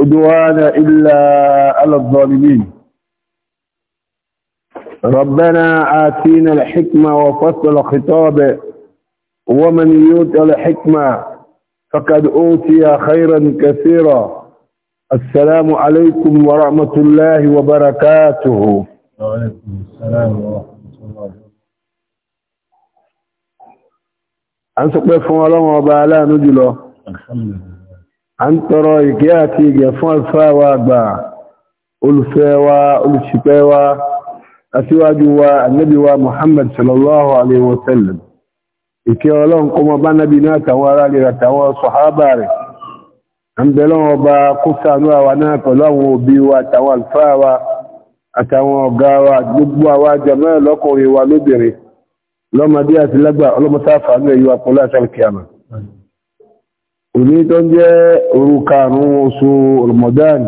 عدوان إلا على الظالمين ربنا آتينا الحكمة وفصل خطابه ومن يؤت الحكمة فقد أوتي خيرا كثيرا السلام عليكم ورحمة الله وبركاته وعليكم السلام ورحمة الله وبركاته أنسق بفهم وبعلا نجله الحمد لله a ń tọrọ ìkẹ́ àti ìgẹ̀ fún àlùfáà wa àgbà olùfẹ́ wa olùṣìpẹ̀ wa aṣíwájú wa annabi wa muhammad sallallahu alaihi wasallam ìkẹ́ ọlọ́run kó mọ bá nábi náà tàwọn ará rẹ̀ àtàwọn sọ̀hábà rẹ̀ a ń bẹ̀rẹ̀ wọn bá kó sànú àwa náà àti lágbà ọlọ́mọsáfà náà yíwa pọ̀lú àṣà kìámà òní tó ń jẹ́ òru karùn-ún oṣù Ramadan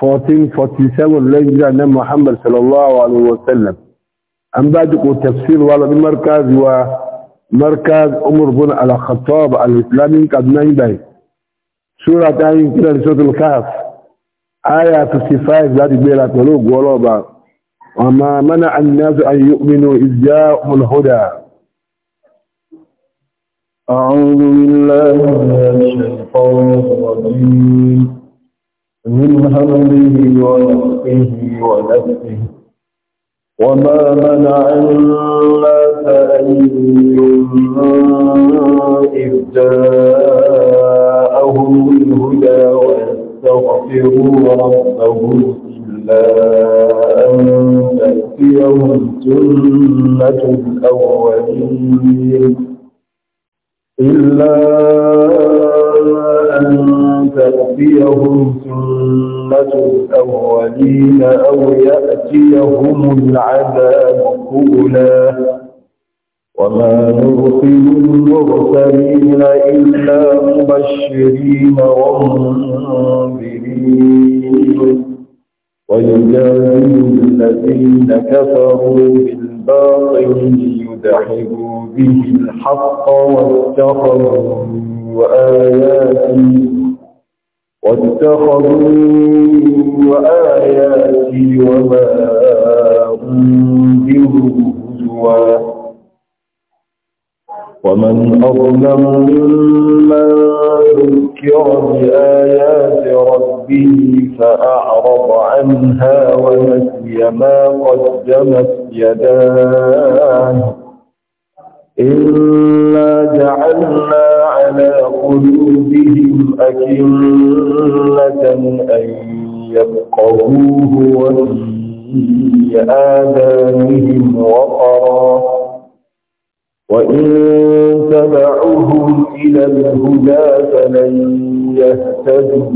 1447 lẹ́yìn jíra náà Muhammad sallallahu alaihi wasallam an bá jùkú tafsir wa lọ ní markaz wa markaz umar bin al-khattab al-islami ta yin kira da sotul kahf aya 55 láti gbéra pẹ̀lú ògùn ọlọ́ba wa mana an an yu'minu izja'ul أعوذ بالله من الشيطان الرجيم من همه ونفسه ونفسه وما منع الناس أن يؤمنوا إذ جاءهم الهدى ويستغفروا ربهم إلا أن تأتيهم سنة الأولين إلا أن تأتيهم سنة الأولين أو يأتيهم العذاب قولا وما نرسل المرسلين إلا مبشرين ومنذرين ويجادل الذين كفروا بالباطل ليدحضوا به الحق واتخذوا وآياتي واتخذوا وآياتي وما أنذروا هزوا ومن أظلم ممن ذكر بآيات ربه فأعرض عنها ونسي ما قدمت يداه إنا جعلنا على قلوبهم أكنة أن يبقوه وفي آذانهم وقرا وإن تبعهم إلى الهدى فلن يهتدوا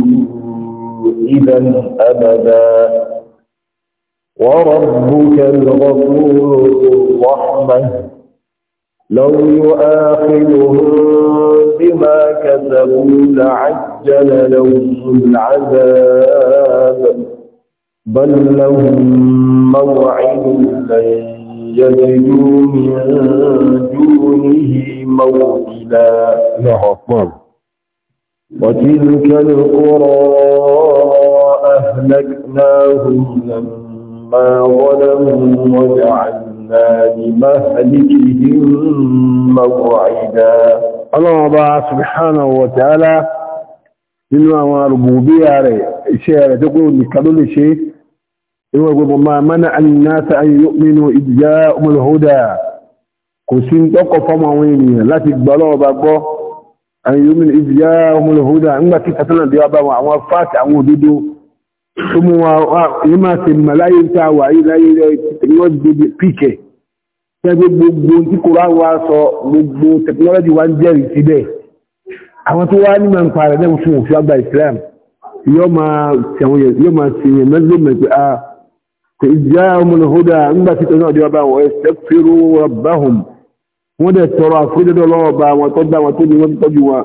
إذا أبدا وربك الغفور الرحمة لو يؤاخذهم بما كسبوا لعجل لهم العذاب بل لهم موعد لن يجدوا من دونه موئلا وتلك القرى أهلكناهم لما ظلموا وجعلنا لمهلكهم موعدا ọlọ́run ọba subhanahu wa ta'ala nínú àwọn arùgbòbíyà rẹ̀ iṣẹ́ rẹ̀ tó kúrò nìkan ló lè ṣe ìwọ̀n gbogbo máa mẹ́nà alìyànta ayyọ́ nínú ìdíjá ọmọlúhódà kò sí tọ́kọ̀ fọ́mọ àwọn ènìyàn láti gbọ́ ọlọ́ọba gbọ́ ayyọ́ tó mú wa ní máa ṣe mọ̀ láyé tá a wà yí láyé rẹ̀ tẹ̀kínọ́jì píkẹ̀ tẹ́gbẹ́ gbogbo tí kò rá wa sọ gbogbo tẹ̀kínọ́jì wa ń jẹ́rìí síbẹ̀ àwọn tó wá ní máa ń parẹ̀ náà fún òfin Islam yóò máa ṣẹ̀wọ̀n yẹn yóò máa ṣe yẹn mẹ́lẹ́ mẹ́pẹ́ a ah, kò já ọmọnà hódà ńgbà tí tẹ̀sán ọdẹ ọba wọn ẹsẹ̀ fẹ́rù rabbahum wọ́n dẹ̀ tọrọ àforíjọ́dọ̀ lọ́wọ́ bá wọn tọ́jú wọn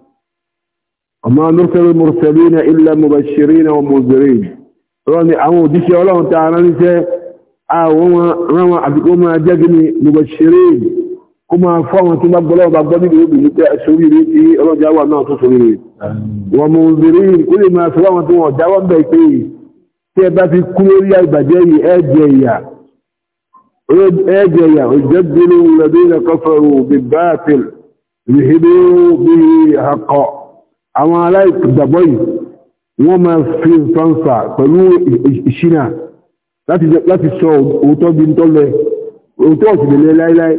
وما نرسل المرسلين إلا مبشرين ومنذرين راني أمو ديشي الله تعالى نسي أهو رمى أبكما جاكني مبشرين كما فهم تباب الله بابني بيوبي نتا أسوري ريتي الله جاوى ما تصوري ريت ومنذرين كل ما سلامة وجاوى بيكي تبا في كل ريال بداية أجيا أجيا يجدلوا الذين كفروا بالباطل يهدوا به حقا àwọn aláìgbàgbọ́ yìí wọ́n máa fi fáńfà pẹ̀lú ìṣínà láti sọ òótọ́ bí ń tọ́lẹ̀ òótọ́ ọ̀sìnlẹ̀ láíláí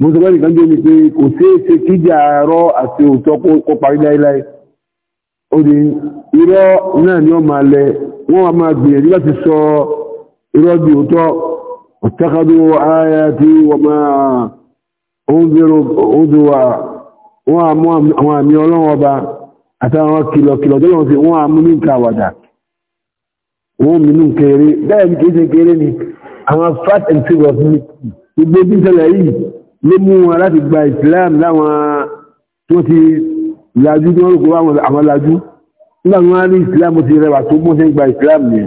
mo sọ bẹ́ẹ̀ kan jẹ́ mi pé kò ṣeé ṣe kíjà àárọ̀ àti òótọ́ kó parí láíláí ó di irọ́ náà ni wọ́n máa lẹ wọ́n wá máa gbìyànjú láti sọ irọ́ bí òótọ́ ọ̀tẹ́kadó ayé àti wọ́n máa ń bẹ̀rù òótọ́ wọ́n á àwọn àmì ọlọ́wọ́ ọba àtàwọn kìlọ̀kìlọ̀ tó lọ́wọ́ sí wọ́n a mú ní nǹkan àwàdà wọ́n mú ní kéré bẹ́ẹ̀ ní kéèṣe kéré ni àwọn fat and figures ní gbogbo bí ṣẹlẹ̀ yìí ló mú wọn láti gba Islam láwọn tó ti lajú tí wọ́n rò pé àwọn lajú nígbà wọn ní Islam ti rẹwà tó mú sí gba Islam ni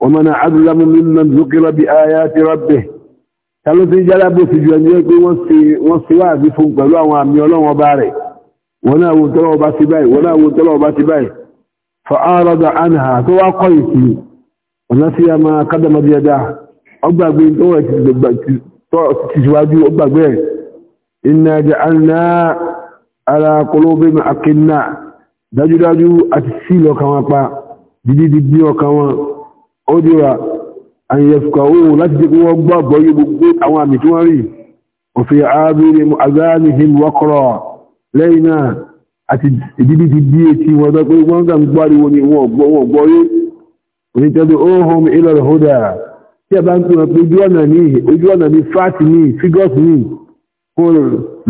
wọ́n mọ́nà adúlámú mímọ́ lókèrọ bí aya ti rọ́bẹ̀ ta ló ti jálábò sí ju ẹni pé wọ́n ṣe wá àbí fún pẹ̀lú àwọn àmì Ọlọ́run ọba rẹ̀ wọn náà wo tọ́lọ́wọ́ bá ti báyìí wọn náà wo tọ́lọ́wọ́ bá ti báyìí fa àrọ́dà àníhà tó wá kọ́ ìsì ọ̀nà sí ya máa kádàmà bí ẹ̀dá ọgbàgbé tó wà ti síwájú ọgbàgbé ẹ̀ iná jẹ́ àná ara kọlọ́bẹ̀ akínà dájúdájú àti sí lọ́kàn wọn pa dídí bí ó dìwà àyẹ̀fùkà láti jẹ́ kí wọ́n gbọ́ lẹ́yìn náà àti ìdíbí ti dí etí wọn tó pé wọ́n gbà ń gbáriwo ni wọ́n gbọ́ wọ́n gbọ́ rí onítọ́jú ohun ilẹ̀ ọ̀hódà tí a bá ń pè wọn pé ojú ọ̀nà ní ojú ọ̀nà ní fáàtì ní fígọ́sì ní kó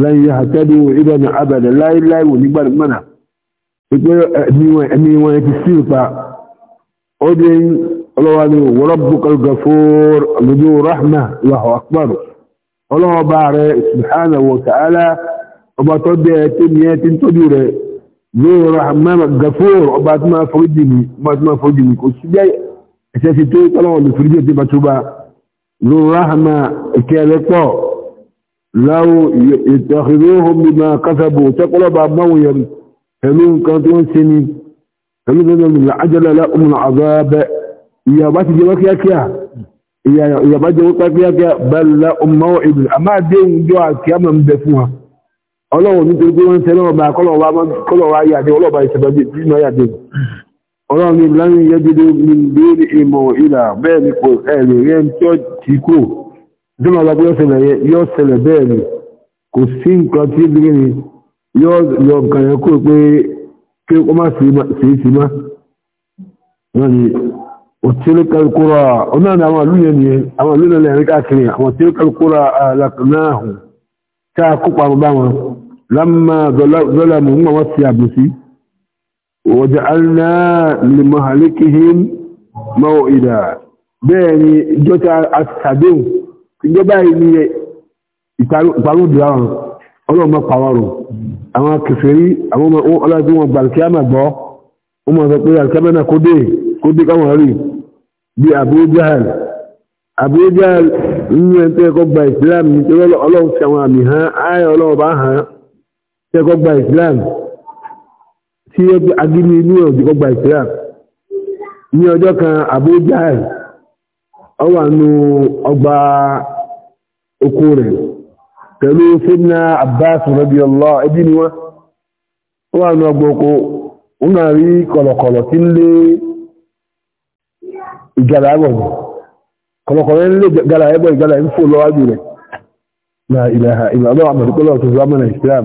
lẹ́yìn àtẹ́dù ìdọ̀nà abẹ̀rẹ̀ láíláí wò nígbà mọ́nà pé ẹni wọn ti sí ipa ó dé ọlọ́wà ní warabbukal ghafur lójú rahma Allahu akbar ọlọ́wọ́ bá rẹ̀ subhanahu wa ta'ala ọba tó bí ẹ tó ní ẹ tí ń tójú rẹ̀ lóò rahman gafur ọba tó máa foríjì ní ọba tó máa foríjì ní kò sí jẹ́ ẹ̀ṣẹ̀ ti tó tọ́lọ́wọ́ lè foríjì tí bá tó bá lóò rahman ìkẹrẹ pọ̀ láwọ ìtọ̀hìróhùn mi máa kásábò tẹ́kọ́lọ́ba máwọn yẹn pẹ̀lú nǹkan tó ń ṣe ni pẹ̀lú nínú ìlà ajọ́lẹ̀ láàmùn àgbàbẹ̀ ìyàbá ti jẹ́ kíákíá ìyàbá jẹ́ kíákíá bẹ́ẹ̀ láàmùn ọlọ́run nítorí pé wọ́n ń tẹ́lọ́ ọba kọ́lọ̀ wá yàdé ọlọ́ba ìṣẹ̀bẹ̀bí nínú yàdé ọlọ́run ní láyé yẹ́gbẹ́dẹ́ ní béèrè ìmọ̀ ìlà bẹ́ẹ̀ ni kò ẹ̀rẹ̀ rẹ̀ ń tí ó ti kò dúnmọ̀ ọba pé yóò ṣẹlẹ̀ bẹ́ẹ̀ ni kò sí nǹkan tí bí ni yóò yọ nǹkan yẹn kó pé kí ó má sí sí má wọ́n ni òtílẹ̀kẹ́lkúrọ̀ ọ̀nà àwọn àlúyẹ̀ ni àwọn àlúyẹ̀ lẹ́rìí káàkiri àwọn òtílẹ̀kẹ́lkúrọ̀ alákanáà tá a kópa bá wọn lámà zọlámù ń wọ́n sí àbòsí wọ́jà alná lèmọ̀ àlékihìm mọ́ ìdá bẹ́ẹ̀ ni ìjọ tí a sàdéhùn ìjọba ìní ìparun dìrá wọn ọlọ́mọ pàwọ́rùn àwọn kèfèrí àwọn ọlọ́dún wọn Abu Jahal Abu Jahal nínú ẹni tó islam ní ọlọ́run fi àwọn àmì hàn áyà ọlọ́run bá hàn islam tí yẹ kó islam ní ọjọ́ kan abuja ẹ̀ ọ ka nù ọgbà oko rẹ̀ pẹ̀lú fúnà abbas radiyallahu ẹbí ni wọ́n ó nù ọgbà kọlọkọlọ ń lè gara ẹgbẹ́ ìgbàlá ń fò lọ́wájú na ìlàhà ìlàlọ́ àmọ̀dúkọ́lọ̀ tó zama na islam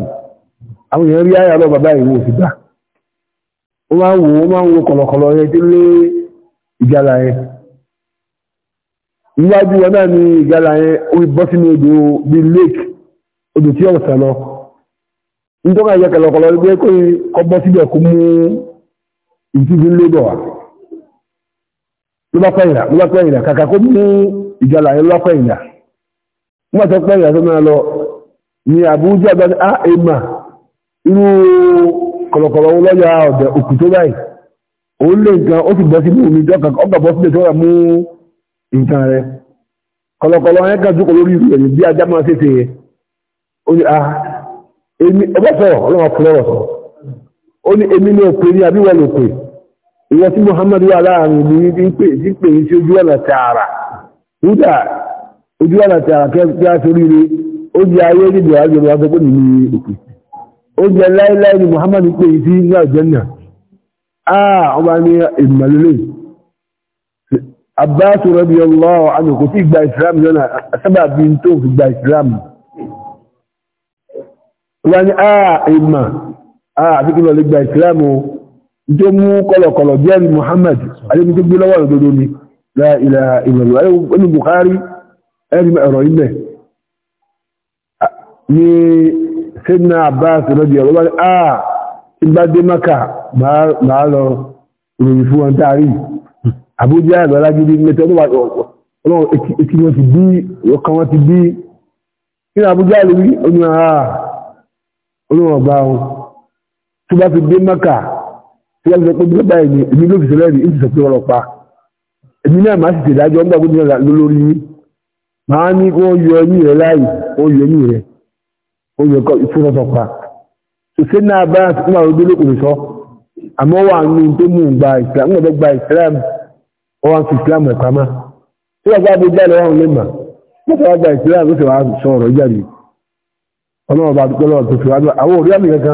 àwọn èèyàn rí ayà lọ bàbá ìwò òsìgbà ó máa ń wo ó máa ń wo kọ̀lọ̀kọ̀lọ̀ yẹn tí lé ìgbàlá yẹn níwájú wọn náà yẹn ó bọ́ sínú odò bíi lake odò tí lọ nítorí ẹgbẹ́ bọ́ ló bá pẹ́yìnà ló bá pẹ́yìnà kàkà kó mú ìjọlá yẹn ló bá pẹ́yìnà wọ́n tó pẹ́yìnà tó máa lọ ní Àbújá gbọ́dọ̀ á èèmà irú kọ̀lọ̀kọ̀lọ̀ wọn lọ́yà ọ̀dẹ̀ òkú tó báyìí òun lè nǹkan ó sì bọ́ sí omi ìjọ kankan ọgbà bọ́ sílẹ̀ tó rà mú nǹkan ní ah sọ̀rọ̀ ọlọ́run fúnlọ́rọ̀ sọ̀rọ̀ ó ní èmi ní òpè ní àbíwọ̀n ìyẹ́ tí Muhammad wà láàrin ní ní pé tí pé tí ojú ọ̀nà tààrà nígbà ojú ọ̀nà tààrà kẹ́kẹ́ àsoríire ó jẹ́ ayé níbi àjọ̀rò àtọ́kùn ní òkè ó jẹ́ láíláí ni Muhammad pé tí ní àjẹ́nà àà ọba ní ìmọ̀lélẹ̀ Abbas radiyallahu anhu kò tí gba Islam lọ́nà sábà bí n tó fi gba Islam wọ́n ni àà ìmọ̀ àà àfikún lọ gba Islam o tó mú kọlọ̀kọlọ̀ bí ẹni Muhammad alẹ́mi tó gbé lọ́wọ́ òdodo ni láìlà ìmọ̀lú ẹni Bukhari ẹni ẹ̀rọ ilẹ̀ ní sẹ́dínà Abbas rọ́bì ọ̀rọ̀ wọ́n á ti bá dé maka máa lọ ìròyìn fún wọn táàrí Abuja àgbàlá gidi mẹ́tẹ́ ọlọ́run ekí wọn ti bí ọkàn wọn ti bí kí ni Abuja lórí oníwàá olóhùn ah, ọba wọn tó bá fi dé maka tí wọ́n ti sọ pé bíbá ẹ̀mí èmi ló fi sẹ́lẹ̀ rí èmi sọ pé ọlọ́pa èmi náà máa sì tẹ̀dájọ́ ńgbà gbogbo náà lórí yín máa ní kó yọ ẹ̀yìn rẹ̀ láì ó yọ ẹ̀yìn rẹ̀ ó yọ ẹ̀kọ́ ìfúnṣọ́sọ́pa ṣe náà bá àtúntò àwọn olókùnrin sọ àmọ́ wà ní tó mú un gba ìsìlám ń gbọ́dọ̀ gba ìsìlám ọwọ́ àti ìsìlám ẹ̀ka má tí wọ́n bá bó jáde wọn lè mà mọ́tò wá gba ìsìlám ó sì wá sọ ọ̀rọ̀ jáde ọlọ́run bá dúpẹ́ lọ́wọ́ tó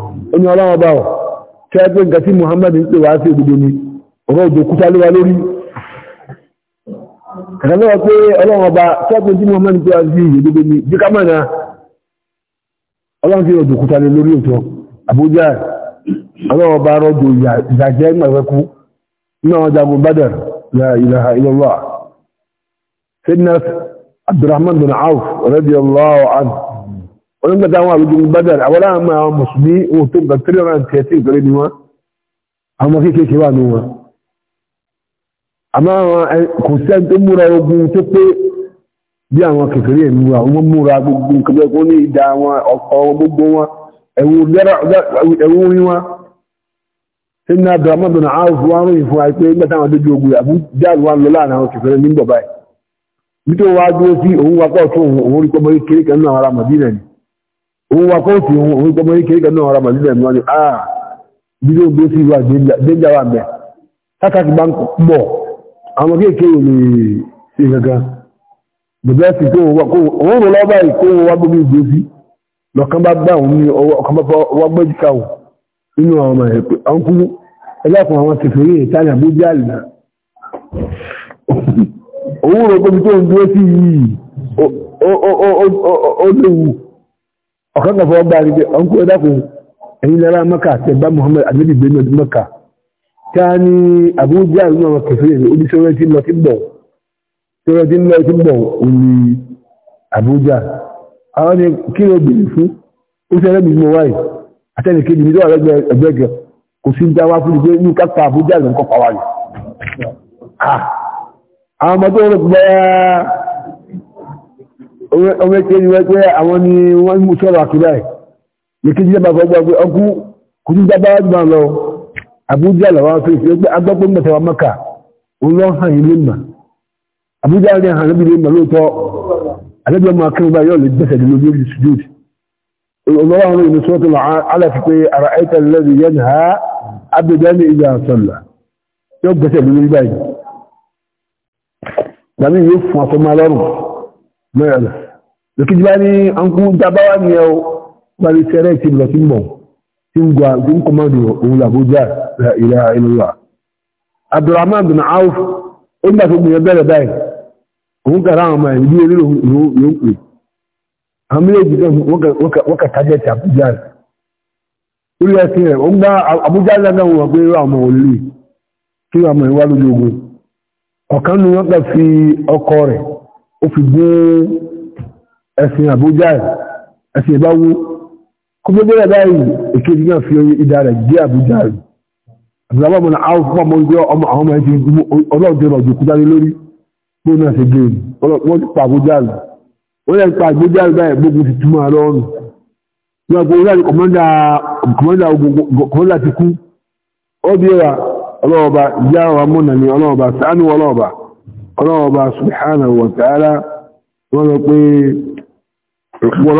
ẹni ọlọ́wọ́ bá ọ̀ tí a gbé nǹkan tí Muhammad ń pè wá sí òdodo ni ọ̀rọ̀ òjò kúta ló wá lórí kàkàlọ́wọ́ pé ọlọ́wọ́ bá tí a gbé tí Muhammad pè wá sí òdodo ni bí kámánà ọlọ́wọ́ sí òjò kúta lórí òtọ́ Àbújá ọlọ́wọ́ bá rọ́jò ìyàjẹ́ ìmọ̀ẹ̀kú ní àwọn jagun Badr la ilaha onu gbẹ́ta àwọn àrùjùn Badr àwọn ma àwọn mùsùlùmí ohun tó gbà 330 ìgbẹ̀rẹ̀ ni wọ́n àwọn kéèkéèké wà ní wọn àmọ́ àwọn kò sẹ́ni tó múra ogun tó pé bí àwọn kékeré múra wọ́n múra gbogbo nǹkan bẹ́ẹ̀ kó ní ìdá àwọn ọkọ̀ gbogbo wọn ẹ̀wù orí wọn tí ní abdulhamid bin Awf wọn ròyìn fún wa pé gbẹ́ta àwọn dójú ogun àbú jáàlù wa lọ láàrin àwọn kékeré òun wa kọ́ òfin òun òun gbọmọ kékeré náà ọ̀rọ̀ màlúù ẹ̀mí wọn ni ah bí ló gbé sí ìwà déjà wà bẹ̀ sákàtì bá ń pọ̀ àwọn kékeré ò lè ṣe gangan bẹ̀bẹ̀ sì kó òun wà kó òun rò lọ́wọ́ báyìí kó òun wá gbóbi ìgbó sí lọ́kàn bá gbà òun ní ọwọ́ ọkàn bá wá gbẹ́jì ká òun nínú àwọn ọ̀kan kan fọwọ́ gbáà rí pé ọ̀nkú ẹ̀dá fún ẹ̀yìn lára maka tẹ̀bá muhammad anabi benin maka ta ni abuja ìlú àwọn kẹfìrì ní ojú sọ́rọ́ tí lọ tí bọ̀ sọ́rọ́ tí lọ tí bọ̀ òní abuja àwọn ni kí ló bèrè fún ó sẹ́rẹ́ mi mọ wáyé àtẹ́ni kejì mi tó wà lẹ́gbẹ̀ẹ́ ẹgbẹ́ gẹ kò sí dá fún mi pé ní kápá abuja ìlú nǹkan pàwárí àwọn ọmọdé wọn lọ ọmọ ẹ̀kẹ́ ni wọ́n pé àwọn ni wọ́n mú sọ́rọ̀ àkúrà ẹ̀ lèkejì lẹ́bàá fọ́ gbọ́ ọkú kò ní dábàá jù lọ Àbújá làwọn fèsì pé agbọ́pọ̀ mẹ́ta wa mọ́kà òun lọ hàn ilé mà Àbújá ní hàn níbi ilé mà lóòótọ́ àlejò ọmọ akẹ́wọ́n bá yọ̀ lè gbẹ̀sẹ̀ lé lórí orí sùdúùtì olówó àwọn ìlú sọ́tò mẹ́rẹ̀lá lókèjì bá ní ọkùn dábáwá ní ẹ̀ parí sẹ́rẹ̀ tí lọ sí mọ̀ tí ń gba tí ń kọmọ́dù òun làbújá ilẹ̀ ìlúwà abdulrahman bin auf ó ń dàtò bẹ̀rẹ̀ báyìí òun kàrà àwọn ọmọ ó fi gún ẹ̀sìn àbújá ẹ̀sìn ìbáwú kó gbogbo rẹ̀ báyìí èkejì náà fi ìdá rẹ̀ gé àbújá rẹ̀ àbújáwà mọ́nà àwọn ọmọ ọmọ ọmọ ẹ̀sìn ọlọ́run tó rọ̀jò kúta lé lórí bó náà ṣe gé e, wọ́n ti pa àbújá rẹ̀ wọ́n lè pa àbújá rẹ̀ báyìí gbogbo ti túmọ̀ lọ́rùn wọ́n gbogbo láti kọ̀mọ́ndà kọ̀mọ́ndà ti kú ó bí wa ọlọ́ọ̀ba ìyá wa mọ́nà ni ọlọ́ọ̀ba sàánú ọlọ́ọ̀ba ọlọ́ọ̀bá subhanahu wa ta'ala wọ́n lọ pé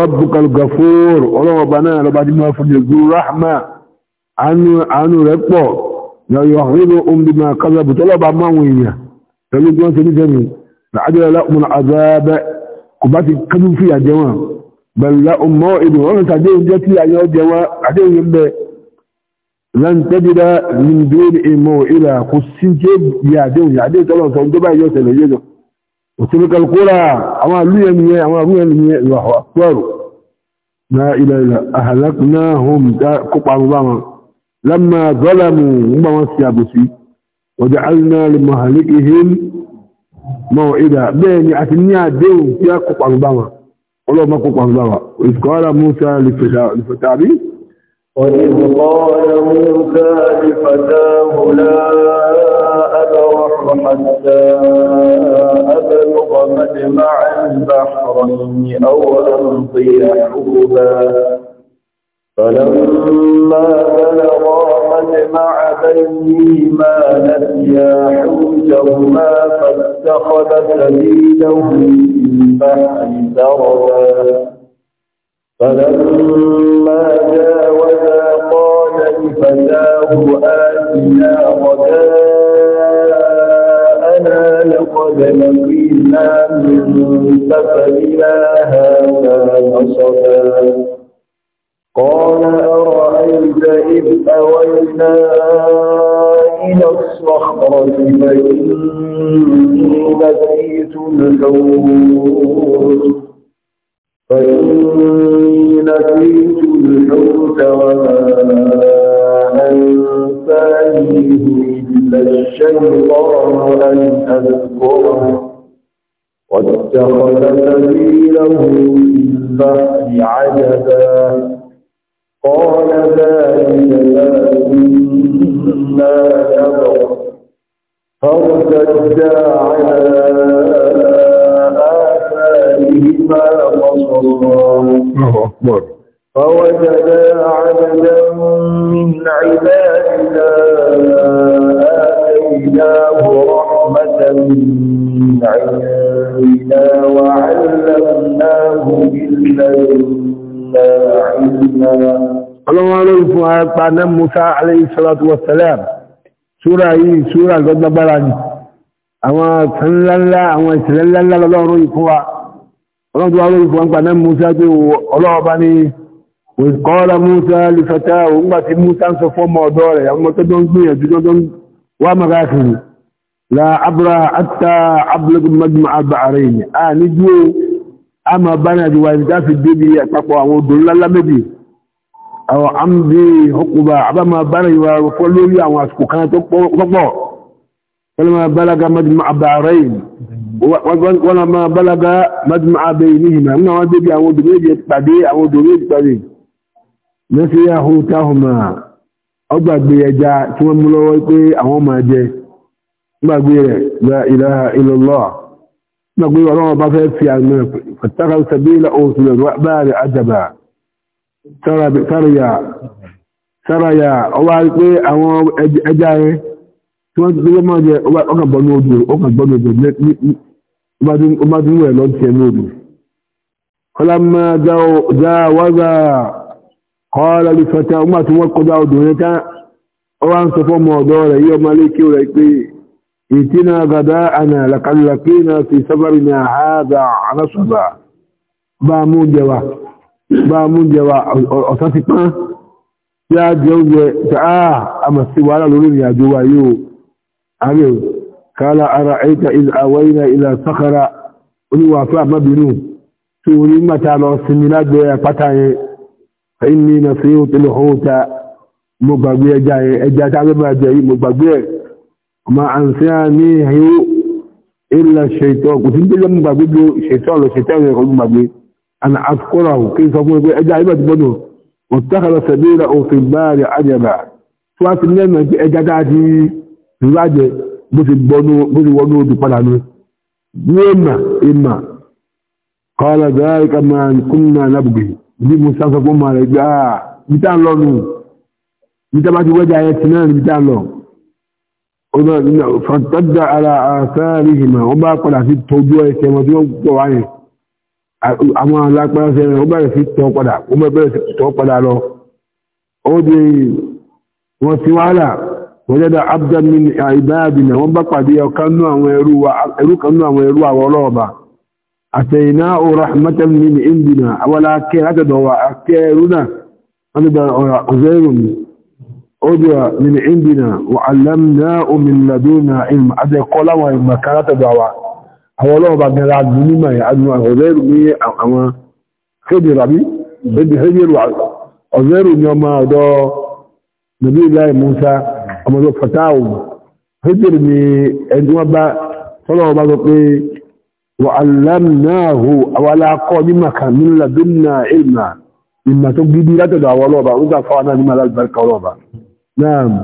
rabbukal ghafur ọlọ́ọ̀bá náà lọ́bá dínà fún jẹ́gbú rahma àánú rẹ̀ pọ̀ yọ̀yọ̀ rínú omi ma kazabu tọ́lọ́bá máwọn èèyàn pẹ̀lú na jẹ lan tajida min duni maw'ila kusinje ya de ya de tolo so ndo ba yo tele yejo utilka alqura ama luye miye ama ruye miye wa akbaru la ila ila ahlaknahum da kubaru bama lamma zalamu umma wasiyabusi waja'alna limahalikihim maw'ida bani atinya de ya kubaru وإذ قال موسى لفتاه لا أبرح حتى أبلغ مجمع البحرين أو أمضي حوبا فلما بلغا مجمع بينهما نسيا حوتهما فاتخذ سبيله في البحر سربا فلما جاء فتاه آتنا وجاءنا لقد لقينا من سفرنا هذا نصبا قال أرأيت إذ أوينا إلى الصخرة فإني نسيت الحوت فإني نسيت الحوت وما الشيطان أن أذكره واتخذ سبيله في عجبا قال ذلك لكنا نبغ فارتدا على آثارهما قصصا الله أكبر فوجدا عبدا من عبادنا آتيناه رحمة من عندنا وعلمناه من لدنا علما Ọlọ́run ọlọ́run fún àpá náà Musa alayhi salatu wa salam, ṣúra yìí, ṣúra gọ́gbàgbára ni, àwọn ìtànlẹ́lá, àwọn ìtànlẹ́lá lọ́lọ́run ìfún wa, ọlọ́run tó wá lórí fún àpá náà Musa tó ọlọ́ọ̀bá ni وإذ قال موسى لفتاه أمتي موسى أنصفوا موضوعي أمت دونسية جدودون ومغاكري لا أبرى حتى أبلغ مجمع البحرين آه نجو أما بنا جوازك في الدبي تقوى ودل الله مبي أو عمدي حقبة أما بنا وفلوا لي أو أسكوكان تقوى فلما بلغ مجمع البحرين ولما بلغ مجمع بينهما أما بيبي أو دميجي تبدي أو دميجي تبدي nasiyahu tahuma ọgbàgbé ẹja tí wọ́n mú lọ́wọ́ pé àwọn máa jẹ gbàgbé rẹ̀ la ilaha illallah gbàgbé ọlọ́wọ́ bá fẹ́ fi àmì fàtàkà sabila oṣù rẹ̀ báyìí àjàbà sáràyà ọwá pé àwọn ẹja rẹ̀ tí wọ́n tó lọ́mọ jẹ ọkàn bọ́nú odò ọkàn bọ́nú kọ́ọ̀lá lè fẹ́ta ọmọ àti wọ́n kọjá obìnrin ká ọwá ń sọ fọ́mọ ọ̀dọ́ rẹ̀ yí ọmọ lékí rẹ̀ pé ìtìna gàdá àna làkàlàkì na fi sábàrì ní àhádà alásọ̀bà bá mú jẹwa bá mú jẹwa ọ̀sán ti pán tí a jẹ oúnjẹ tí a àmà sí wàhálà lórí ìrìn àjò wa yóò àmì kálá ara ẹ̀ta àwọ̀yìnà ìlà sọ́kara oníwàfẹ́ àmọ́bìnú tí onímọ̀ta lọ sinmi lágbẹ̀ẹ́ àpáta yẹn ẹ̀yìnmí na fi ó tẹ́lẹ̀ ọ̀hún ta mo gbàgbé ẹja yẹn ẹja tá a bẹ́ máa jẹ yìí mo gbàgbé ẹ̀ ọmọ àǹsíà ní ẹ̀yọ́ ilẹ̀ ṣètọ́ kò sí ní tẹ́lẹ̀ mo gbàgbé ju ṣètọ́ lọ ṣètọ́ yẹn kọ́ mo gbàgbé àná àkọ́rà ò kí n sọ fún mi ẹja yìí bá ti bọ́dọ̀ òtítàkàlà sẹ̀bíra òfin báàrẹ̀ àjẹbà tí a ti ríwájẹ bí mo sá sọ fún ọmọ rẹ̀ gbá ah, bí tá ń lọ nù bí tá bá ti wẹ́jà ayẹ ti náà níbi tá ń lọ fàtàdà ara àṣáàrí ìmọ̀ wọ́n bá padà sí tọ́jú ẹsẹ̀ wọn tí wọ́n pọ̀ wá yẹn àwọn alápáṣẹ rẹ̀ wọ́n bẹ̀rẹ̀ sí tọ́ padà wọ́n bẹ̀rẹ̀ sí tọ́ padà lọ ó di wọ́n ti wàhálà wọ́n jẹ́dà abdulmin ibadina wọ́n bá pàdé ọ̀kan nú àwọn ẹrú àwọn ẹrú àwọn ọlọ́ọ̀bà أتيناه رحمة من عندنا ولا كيرد وأكيرنا هذا عزير أدوى من عندنا وعلمناه من لدنا علم هذا يقول لهم إما كانت دعوة أولوه بعد نلعب منما يعلم عزير مي أما خدر أبي بدي خدر عزير يوم دو نبي الله موسى أما دو فتاو خدر مي عندما بقى صلى الله عليه وسلم وعلمناه ولا قدمك من لدنا علما مما تجدي لا تدعى ولوبا وإذا فانا مما لا البركة ولوبا نعم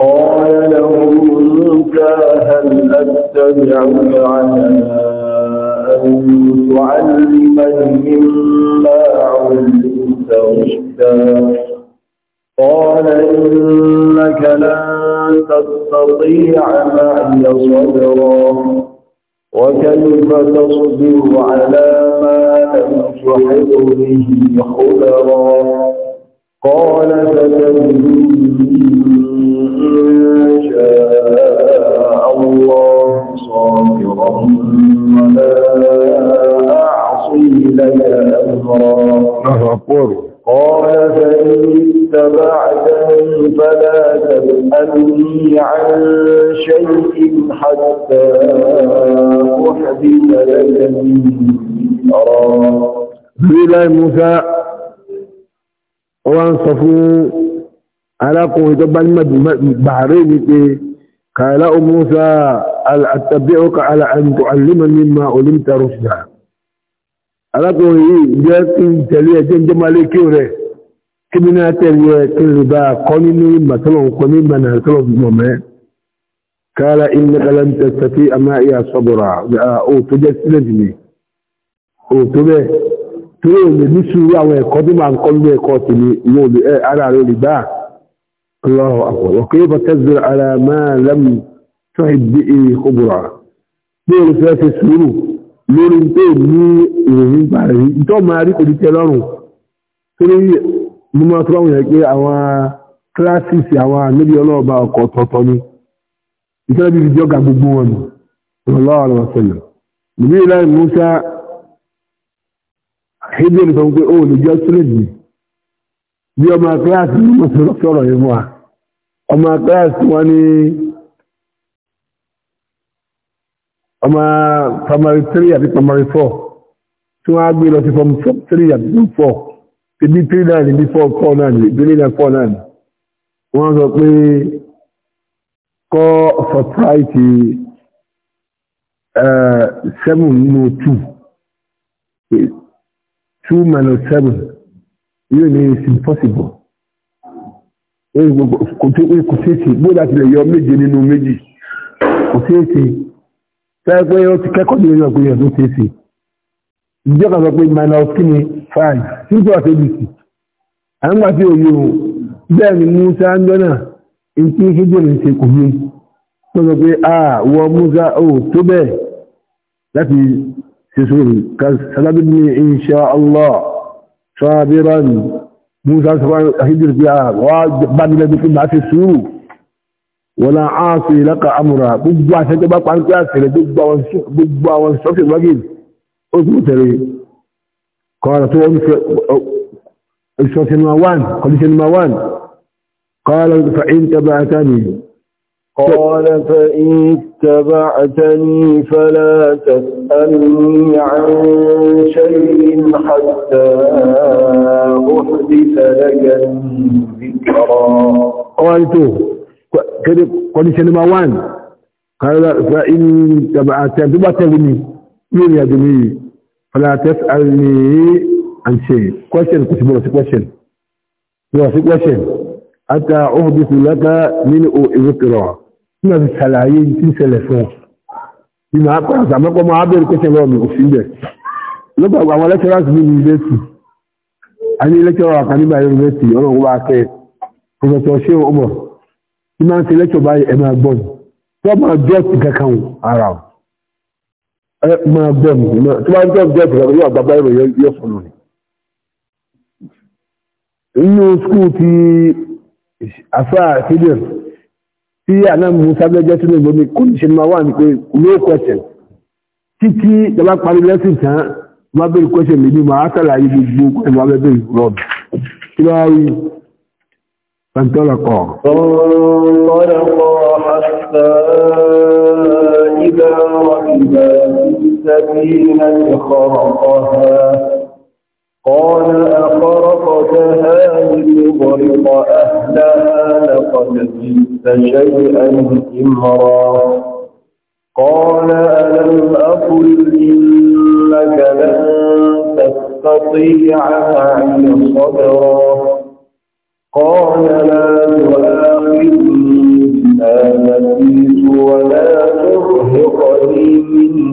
قال له موسى هل أتبعك على أن تعلمني مما علمت رشدا قال إنك لن تستطيع معي صبرا وكيف تصبر على ما لم تحط به خبرا قال فتجدني إن شاء الله صابرا ولا أعصي لك أمرا قال فإن اتبعت فلا تسألني عن شيء حتى أحدث لك منه بالله موسى وانصفوا على قوه دبل بحرين قال موسى اتبعك على ان تعلمني مما علمت رشدا على قوه جاءت تليه جمالي كيوري kíbi náà tẹ̀lé ẹ kí lè bá kọ́ nínú ìmọ̀ tó lọ́n kọ́ nígbà náà tó lọ́n mọ̀ mẹ́. kára iná kalan tẹ̀sítẹ́fì àmà ìyá sọ́bùrà ó tó jẹ́ sílẹ̀dì mi ó tó bẹ́ẹ̀ tó lè lè ní sùúrù ala ma lam mo máa tó báwọn yẹn pé àwọn kíláàsìsì àwọn àmìlí ọlọ́ọ̀bá ọkọ̀ ọ̀tọ̀ọ̀tọ̀ ni ìṣẹ́lẹ̀ bíi ìjọ ga gbogbo wọn ni ọlọ́ọ̀ lọ sọ̀lọ̀ Musa hídíò nìkan pé ó lè jẹ́ sílẹ̀dì bí ọmọ kíláàsì ní mo sọ̀rọ̀ yẹn wà ọmọ kíláàsì wọn ni ọmọ primary three àti primary four tí wọ́n á gbé lọ sí form three àti form four ibi three nine ibi four four nine three nine four nine wọ́n sọ pé kọ́ sọpráìtì eh, seven nínú two two minus seven yóò ní it's impossible kò tó pé kò tètè bóyá tilẹ̀ yọ méje nínú méjì kò tètè fẹ́ pé ó ti kẹ́kọ̀ọ́ nínú ọgbìn yẹn tó tètè ìjọba sọ pé minus kíni five títí wà sí bìsì àwọn àti òye o bẹ́ẹ̀ ni Musa ń jọ náà ìtí hijab ń ṣe kò yé tó sọ pé a wọ Musa o tó bẹ́ẹ̀ láti ṣe sórí kàṣàlábí ní insha Allah sabiran Musa sọ pé hijab pé a wà bá nílẹ̀ bí máa ṣe sùúrù wọ́n á sì lákà amúra gbogbo àṣẹjọba pàǹkì àṣẹrẹ gbogbo àwọn sọ́fẹ̀ wágìrì أذنتري قال تو أمك الشوط الموان قلت الموان قال فإن تبعتني قال فإن تبعتني فلا تسألني عن شيء حتى أحدث لك ذكرا قلت قلت الموان قال فإن تبعتني تبعتني lórí àjò mi yìí falates alìní àṣẹ question kò sí bọ̀rọ̀ sí question bọ̀rọ̀ sí question ata ọ̀hùnbí fún láta nínú ìwékèrọ̀ tí wọ́n fi ṣàlàyé tí ń ṣẹlẹ̀ fún ọ ni màá kọ́ àṣà mẹ́kọ́ máa bẹ̀rẹ̀ question lọ́wọ́ mi kò sí bẹ̀ lọ́gbà àwọn lecturers mi ní university a ní lecturer kan nígbà university ọlọ́run wá kẹ́ professor sheu omar tí máa ń ẹ máa gbọ́ mi náà tí wọ́n gbọ́ gbọ́ ìgbàgbọ́ yóò àgbàgbà ìrò yóò fọ̀nù ni. inú skul ti afa sílẹ̀ tí anam musa bẹ́jẹ́ sínú ìbò mi kò ní ṣe máa wà ní pé no question títí ìjọba parí lẹ́sìn tán máa bẹ̀rẹ̀ question mi ní máa sàlàyé gbogbo ẹ̀mọ́ abẹ́bẹ̀ rọ̀bì kí ló wá rí فانطلقا فانطلقا حتى إذا ركبا السبيل خرقها قال أخرقتها لتغرق أهلها لقد جئت شيئا إمرا قال ألم أقل إنك لن تستطيع معي صبرا قال لا تؤاخذني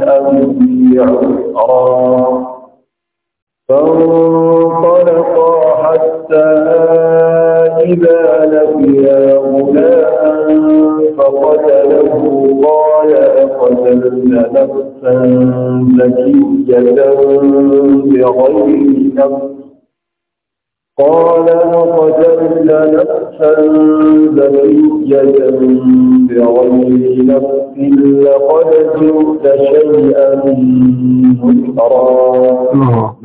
أو الأرض عسرا فانطلقا حتى إذا لقيا غلاما فقتله قال أقتلن نفسا زكية بغير نفس قال أخذت نفسا زكية بغير نفس لقد جئت شيئا مسرا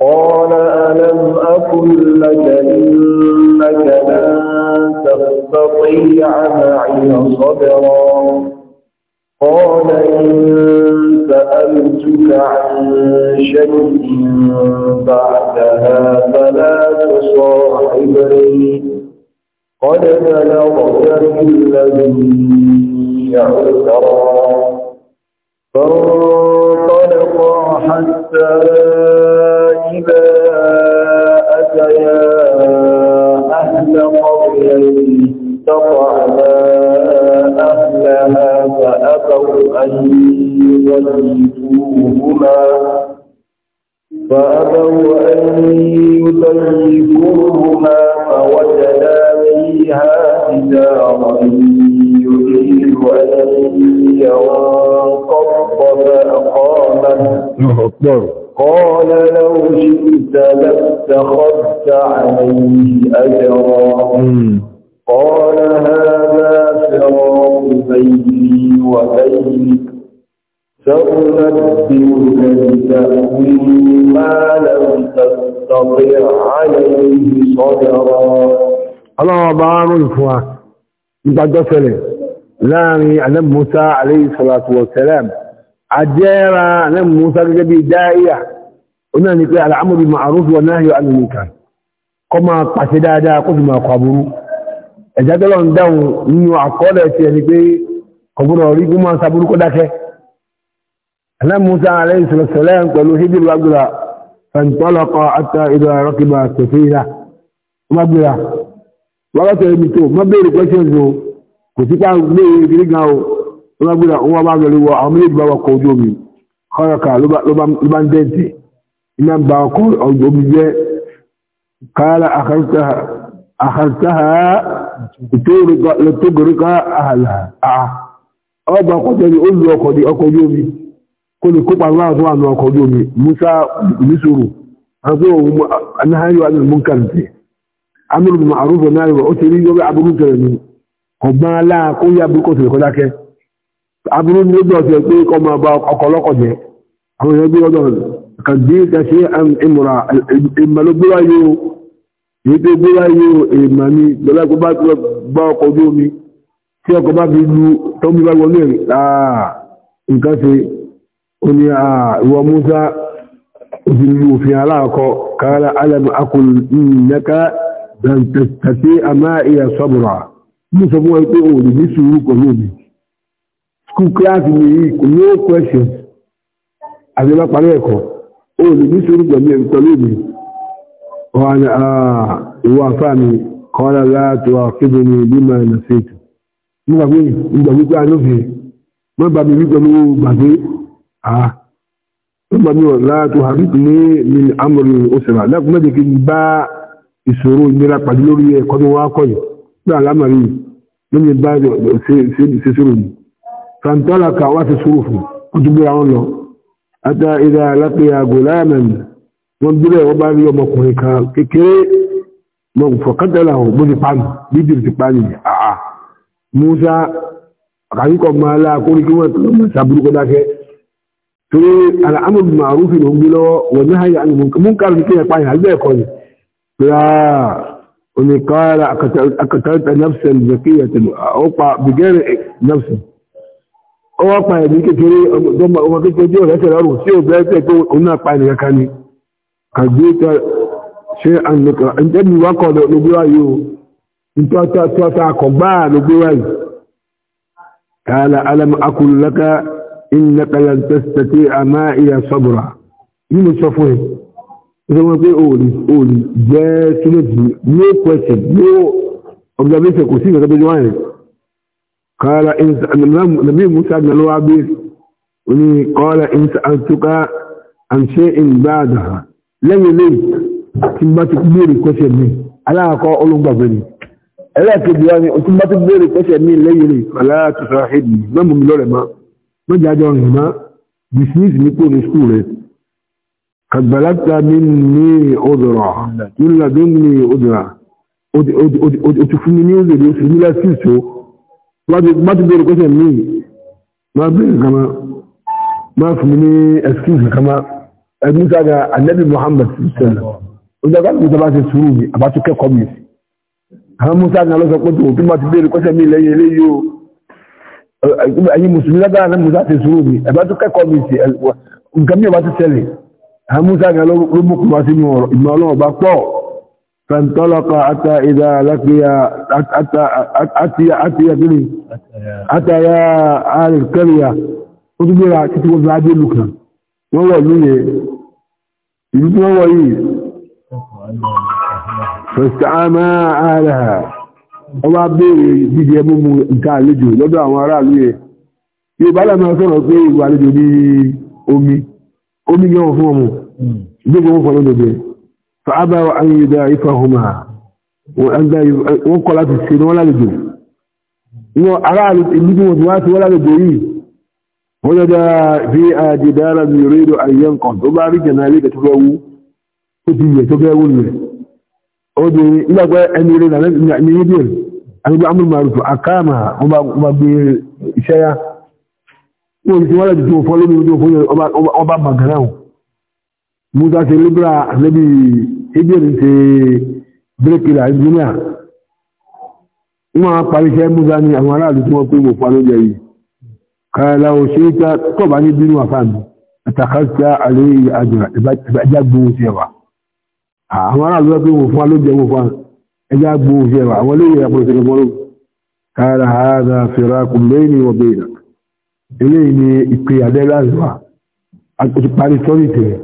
قال ألم أقل لك إنك لن تستطيع معي صبرا قال إن سألتك عن شيء بعدها فلا تصاحبني قد بلغت الذي عذرا فانطلقا حتى إذا أتيا أهل قرية استطعما أهلها فأبوا أن يزيتوهما فأبوا أن يزيتوهما فوجدا فيها حجارا يريد أن ينقض فأقامه قال لو شئت لاتخذت عليه أجرا قال هذا صراط بيني وبينك سأنبئك بتأويل ما لم تستطع عليه صبرا الله بارك فيك nígbàjọ́ sẹlẹ̀ láàrin Ànábì Mùsá alayhi salatu wa salam àjẹ́ra Ànábì Mùsá gẹ́gẹ́ bí dáíyà oná ní pé al'amuru ma'aruf wa nahyu anil munkar kọ máa pàṣẹ dáadáa kó sì máa kwàbúrú ẹ̀jádọ́lọ́ ń dáhùn nínú àkọọ́lẹ̀ ti ẹni pé kọ̀bùrọ̀ rí gúnmọ́ sábúrú kó dákẹ́ أنا موسى عليه الصلاة والسلام قالوا هجر وأبدلا فانطلق حتى إذا ركب السفينة وأبدلا وقت يبتو ما بيري كوشنزو كتبا بيري كريقاو وأبدلا هو بعض اللي هو عميد بابا قوجومي خرق لبان دينتي إمام بابا قوجومي قال أخرتها أخرتها لتغرق أهلها أه أبا قتل أولو أقودي أقودي olùkópa ńlá tó wà ní ọkọ̀ ojú omi musa nisoro àti òun anáhàyò alìmúkàntì amúlùmí àrùfọ̀ náà rẹ̀ ó ti rí yọ́wẹ́ aburú tẹ̀rẹ̀ ní ọgbọ́n alá kó yá aburú kò tẹ̀lẹ̀ kọjákẹ́ aburú ní ojú ọ̀sẹ̀ pé kọ́ máa bá ọkọ̀ lọ́kọ̀ jẹ́ àwọn èèyàn gbé ọdọ̀ kàdé kàṣe ìmọ̀ra ìmọ̀ ló gbé wáyé o èyí tó gbé o èèmọ̀ ni lọ́lá kó bá gbá ọkọ̀ ojú omi tí ọkọ̀ bá fi lu tọ́mú bá wọlé nǹkan ṣe ó ní àwọ ah, Musa òfin òfin aláàkọ́ kára alam akùn nínaka dantastasi a máa iya sọ́bùrà mú sọ fún wọn pé o lè ní sùúrù school class ni yìí kò questions àti bá parí ẹ̀kọ́ o lè ní sùúrù pẹ̀lú òbí wọn ah, ìwọ àfáà mi kọ́lá láti wà kéde ní bímọ ẹ̀nà sí ètò nígbàgbé ìgbàgbé pé a lófin má bàbí wípé ló gbàgbé Ah. nígbà mi ò láàtò àríkù ní mi amòrò òṣèlú àdákùn mẹ́jẹ̀ kí n bá ìṣòro ìnira pàdé lórí ẹ̀kọ́ tó wá kọ̀yìn ní àlámàrí lóye bá ṣe ṣòro ni fàǹtàlà kà wá ṣe ṣòro fún ó tún bóra wọn lọ ata ìdá alápẹ̀yà gòláàmẹ̀mì wọn bílẹ̀ wọn bá rí ọmọkùnrin kan kékeré mọ̀ fọ̀kátàlà ò bó ti pa bí jìbì ti pa nì àà Musa àkàríkọ̀ máa lá akóríkí wọn tó lọ́mọ torí al'amur ma'arufin ogun lọ́wọ́ wọ́n ní hanyar an munkar ní kíyà pàyà halbẹ́ ẹ̀kọ́ ni ráà omi kọ́ra akatarta nafsan zakiyata ọpa bigẹ́rẹ̀ nafsan ọwọ́ pàyà ní kékeré ọmọ kékeré jẹ́ ọ̀rẹ́sẹ̀ lọ́rùn tí ó bẹ́ẹ̀ tẹ́ tó oná pàyà ní kankan ni kàgbéta ṣe an nìkan ń tẹ́bi wákọ̀ innaka lan tastati'a ma'iya sabra yìí mo sọ fún ẹ ṣe wọ́n pé òòlì òòlì jẹ́ túnẹ̀tì no question no observation kò sí ìgbàgbọ́ ìjọba yẹn kọ́lá nàbí musa gbẹ̀lú wa bí oní kọ́lá ìnsa àtúkà àǹṣe ìgbàdà lẹ́yìn lẹ́yìn tí n bá ti béèrè question mi aláàkọ́ olùgbàgbé ni ẹlẹ́ẹ̀kejì wa ni tí bá ti béèrè question mi lẹ́yìn lẹ́yìn fàlà tó mẹ́mú mi lọ́rẹ̀ máa mọ́jà jọ rìn mọ́ dismiss ní kò ní skul rẹ̀ kàgbàláta mi ní ọdọ̀rọ̀ nílá tó ní ọdọ̀rọ̀ o ti fún mi ní ọdọ̀rọ̀ o ti fún mi láti ìṣó má ti bẹ̀rẹ̀ kọ́sẹ̀ mi má bẹ̀rẹ̀ kama má fún mi ní excuse kama ẹgbẹ́ sága anabi muhammad sẹ́lẹ̀ ọjọ́ ká ló sábà ṣe sùúrù mi àbá tó kẹ́kọ̀ọ́ mi àwọn musa kan lọ tó tó má ti bẹ̀rẹ̀ kọ́sẹ̀ mi lẹ́yìn eléyìí ẹ̀yin mùsùlùmí lágbára náà musa ti sùúrù mi ẹ̀bá tó kẹ́kọ̀ọ́ mi sí nǹkan mìíràn bá ti tẹ̀lé àwọn musa gan ló mú kùmá sínú ìmọ̀ ọlọ́run bá pọ̀ fẹ̀ntọ́lọ́kọ̀ ata ìdá alákìyà àti àkìlì àtàyà àrẹ̀kẹ́rìyà ó tún gbéra títí wọn fi adé lù kan wọ́n wọ̀ lóye ìlú tí wọ́n wọ̀ yìí fẹ̀sítàmà àrẹ̀ wọ́n bá béèrè dídí ẹmú mu nǹkan àlejò lọ́dọ̀ àwọn aráàlú yẹn yorùbá na sọ̀rọ̀ pé ìwà àlejò ní omi omi ní fún ọmọ hmm. ìgbéga wọn fọlọ́ lóde fàábà ayélujára ifá ọmọ wọn kọ́ láti ṣe wọn lálejò wọn aráàlú wọn ti wá sí wọn lálejò yìí wọn dada fi mi rédò nǹkan tó bá rí ilé wú ti yẹ tó wú ẹni àti bí amúlù màrùtù àkáàmà ọba gbé iṣẹ́ yá wọ́n ti wọ́n lẹ́jù tó fọ́ lómi tó fún ọba magana ọ̀ musa ṣe libra lẹ́bi ebíyẹ̀rì ṣe bírékìlà ìjìnlẹ̀ wọ́n parí iṣẹ́ musa ní àwọn aráàlú tí wọ́n pé wò fún alójẹ yìí kààlà ò ṣe ta ẹjá gbó ṣe wà àwọn olóyè àpòlòsẹ̀ gbọ́rọ̀ kára àádá fèrà kùnbẹ́ni ọ̀bẹ̀ ìlà ilé ni ìpè àdẹ́láàzùwà òtùparí sọ́rì tẹ̀rẹ̀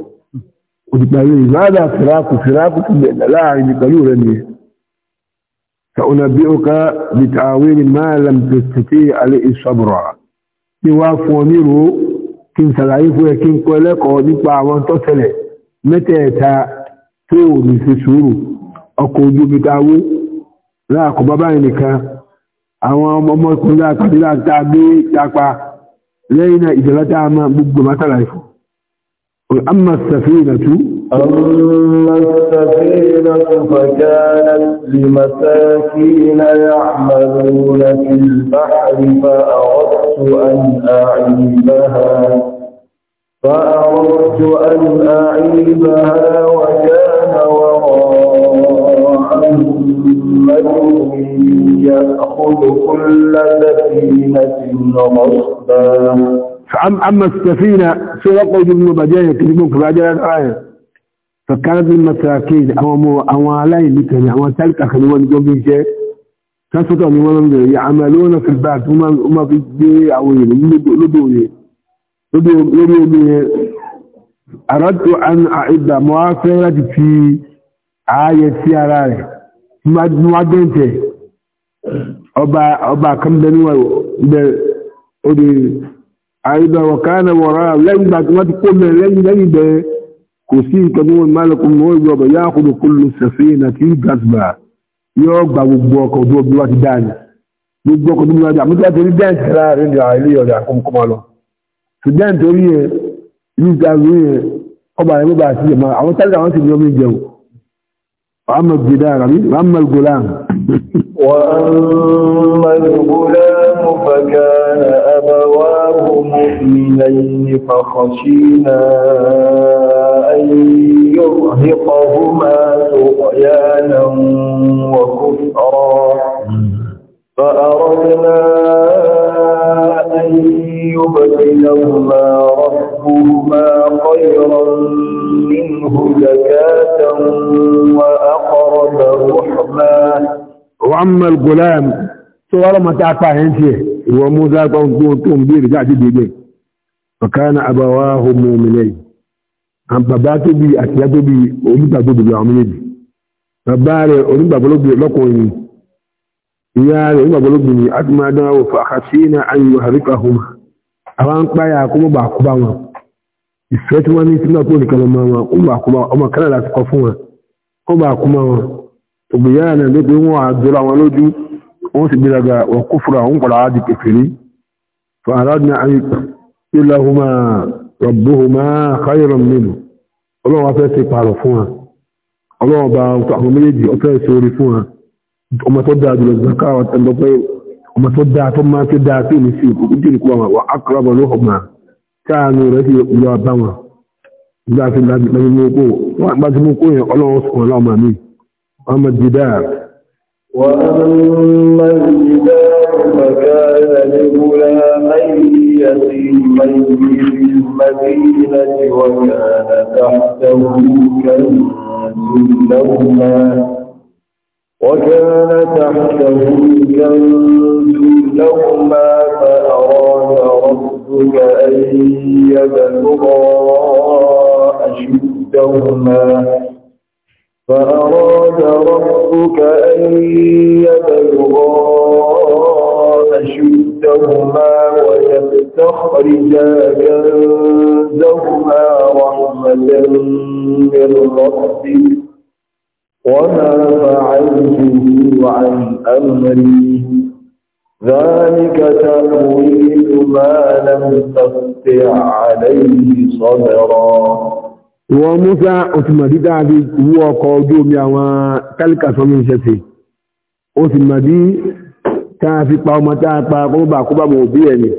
òtùparí ìmáàdà fèrà kù fèrà kù kùnbẹ̀ láàrin ní rẹ̀ ما لم تستطيع عليه الصبر ni wá fún ọ nírò kí n ṣàlàyé fún ẹ kí n kọ́ ọkọ̀ ojú omi tawó láàkọ̀ bàbá ẹnìkan àwọn ọmọkùnrin láàpàdé láta gbé tapa lẹ́yìn náà ìjọba gbogbo mátàlá ìfọ̀ أما السفينة أما السفينة فكانت لمساكين يعملون في البحر فأردت أن أعيبها فأردت أن أعيبها رحمة يأخذ كل سفينة غصبا فأما السفينة سيقود ابن بجاية كلمك بعجلة الآية فكانت المساكين أو مو أو علي مثل أو تلك خلوان جوبي شيء تسطع من يعملون في البعث وما وما في الدنيا عوين لدوني لدوني أردت أن أعد موافرة في آية سيارة níwájẹ́ǹtẹ̀ ọba kàmbẹ̀ni wẹ̀ odè àìdà wọ̀kánà wọ̀rá lẹ́yìn gbà tí wọ́n ti kó mẹ́ lẹ́yìn lẹ́yìn bẹ́ kò sí ìtọ́gbọ́n málùkùn wọ́n ìgbà ọba yáà kúrò kúrò sẹ̀fẹ́ na tí gbàgbà yóò gba gbogbo ọkọ̀ ojú omi wá ti dáàni gbogbo ọkọ̀ ojú omi wá ti àmúta torí dẹ́ǹtì láàrin ilé ọ̀dà kọ́mọkọ́mọ lọ ṣùgbọ́n torí yẹn yíga lóyè ọba rẹ̀ bó bá ti yẹ̀ máa àwọn tálẹ̀ àwọn sì ní ọmọ ìjẹun وأما الجدار وأما الغلام وأما الغلام فكان أبواه مؤمنين فخشينا أن يرهقهما طغيانا وكفرا فأردنا أن يبدلهما ربهما خيرا منه زكاة وأقرب رحما وأما الغلام سوى ما تعطى هنشي وموزا قوم بير جعد بيجي فكان أبواه مؤمنين أم باباتو بي أتياتو بي أولي باباتو بي عميني باباري أولي باباتو بي لقوني ìyá rẹ̀ nígbàgbọ́ lóbìn ni adúmọ̀dán àwọn fàkàtí ní ayò àríkà hùmà àwọn ń páyà kúmọ̀bà àkúbá wọn ìfẹ́ tí wọ́n ní sínú àpò nìkan ọmọ wọn kúmọ̀bà àkúbá ọmọ kan láti kọ fún wọn kúmọ̀bà àkúmọ̀ wọn ògbìyà rẹ̀ ní pé wọ́n àdúrà wọn lójú wọ́n sì gbéraga wọ́n kó fura wọn pàrọ̀ àdì kẹfìrí fún wọn ọlọ́wọ́n ọmọ tó dáa jùlọ zaka àwọn tẹ̀ lọ́pẹ́ ọmọ tó dáa tó máa tó dáa sí ìmísí òkú tí nìkú àwọn akọ̀rọ̀bọ̀ ló ọmọ káàánú rẹ̀ sí ìlú àbáwọn nígbà tí lábí mú kó wọn bá ti mú ma وكان تحته كنز لهما فأراد ربك أن يبلغا أشدهما فأراد ربك أن يبلغا أشدهما ويستخرجا كنزهما رحمة من ربك وما فعلته عن أمري ذلك تأويل ما لم تستع عليه صبرا wọ́n Musa òtùmọ̀dí dáadé wú ọkọ̀ ojú omi àwọn kálíkà sọmí iṣẹ́ sí òtùmọ̀dí táa fi pa ọmọ táa pa kọ́bà kọ́bà mọ̀ òbí ẹ̀ ni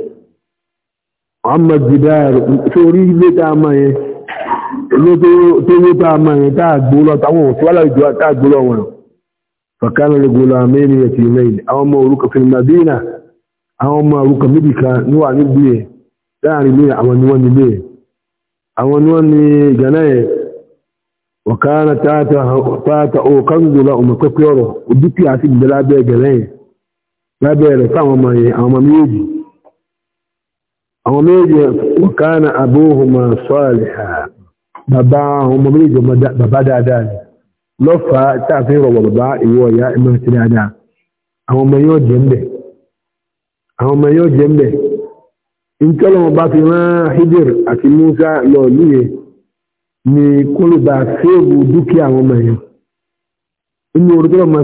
Muhammad jidar sórí ilé táa máa yẹn olóòtú tó yé tá a mọ̀ yẹn tá a gbó lọ táwọn òfin wàhálà ìjọba tá a gbó lọ wọn fàkàlà lè gbóla mẹ́rin ẹ̀tì mẹ́rin àwọn ọmọ orúkọ fún madina àwọn ọmọ orúkọ méjì kan níwà níbi ẹ̀ láàrin ilé àwọn ni wọ́n ní ilé àwọn ni wọ́n ní ìgànnà ẹ̀ wọ̀kánà tààtà òkan gbóla ọmọ pẹ́pẹ́ ọ̀rọ̀ òdúpì àti ìgbẹ́ lábẹ́ ẹ̀gẹ̀rẹ́ ẹ̀ lábẹ́ rẹ̀ fáwọn ọmọ yẹn àwọn ọmọ méjì àwọn méjì wọ̀kánà abóhùnmá sọ́ọ̀lẹ̀ ha baba ahụ ọmọ méjì ọmọ bàbá dáadáa ni lọ́fàá tá a ya rọ̀wọ̀ bàbá ìwọ ọ̀yá ẹ̀mọ́ ti dáadáa àwọn ọmọ yóò jẹ́ mbẹ̀ àwọn ọmọ fi rán Hidir Musa lọ ni kólóba fèèbù dúkìá àwọn ọmọ yẹn inú orúkọ ọmọ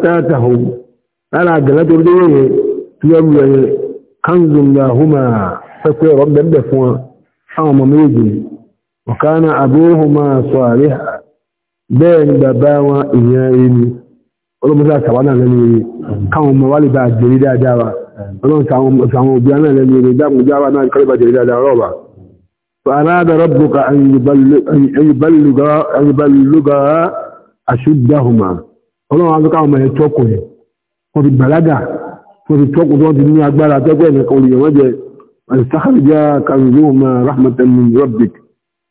sí àwọn lára àgàlá tó rí yẹn tí wọ́n rú ẹyẹ kánzùnlá húmà pẹ́pẹ́ ọ̀rọ̀ bẹ̀bẹ̀ fún wọn àwọn ọmọ méjì ọ̀kánà àbúhùmá sọ àrí bẹ́ẹ̀ ni bàbá wọn ìyẹn rí ni olómọ́sá sàwánà lẹ́nu rí káwọn ọmọ wálé bá jẹ́rí dáadáa wa ọlọ́sàwọn òbí aná lẹ́nu rí dáàmùjáwà náà kọ́lé bá jẹ́rí dáadáa rọ́ọ̀bà فأراد ربك أن يبلغ أشدهما ọlọ́run azọ́ká ọmọ ẹ̀ tọ́kùnrin wọ́n fi gbàlágà wọ́n fi tọ́kù tó ti ní agbára tẹ́gbẹ́ ìrìnkan olùyẹ̀wọ́n jẹ àìsàkàrìjá kàrùnlẹ́wọ̀má rahmatan rabbik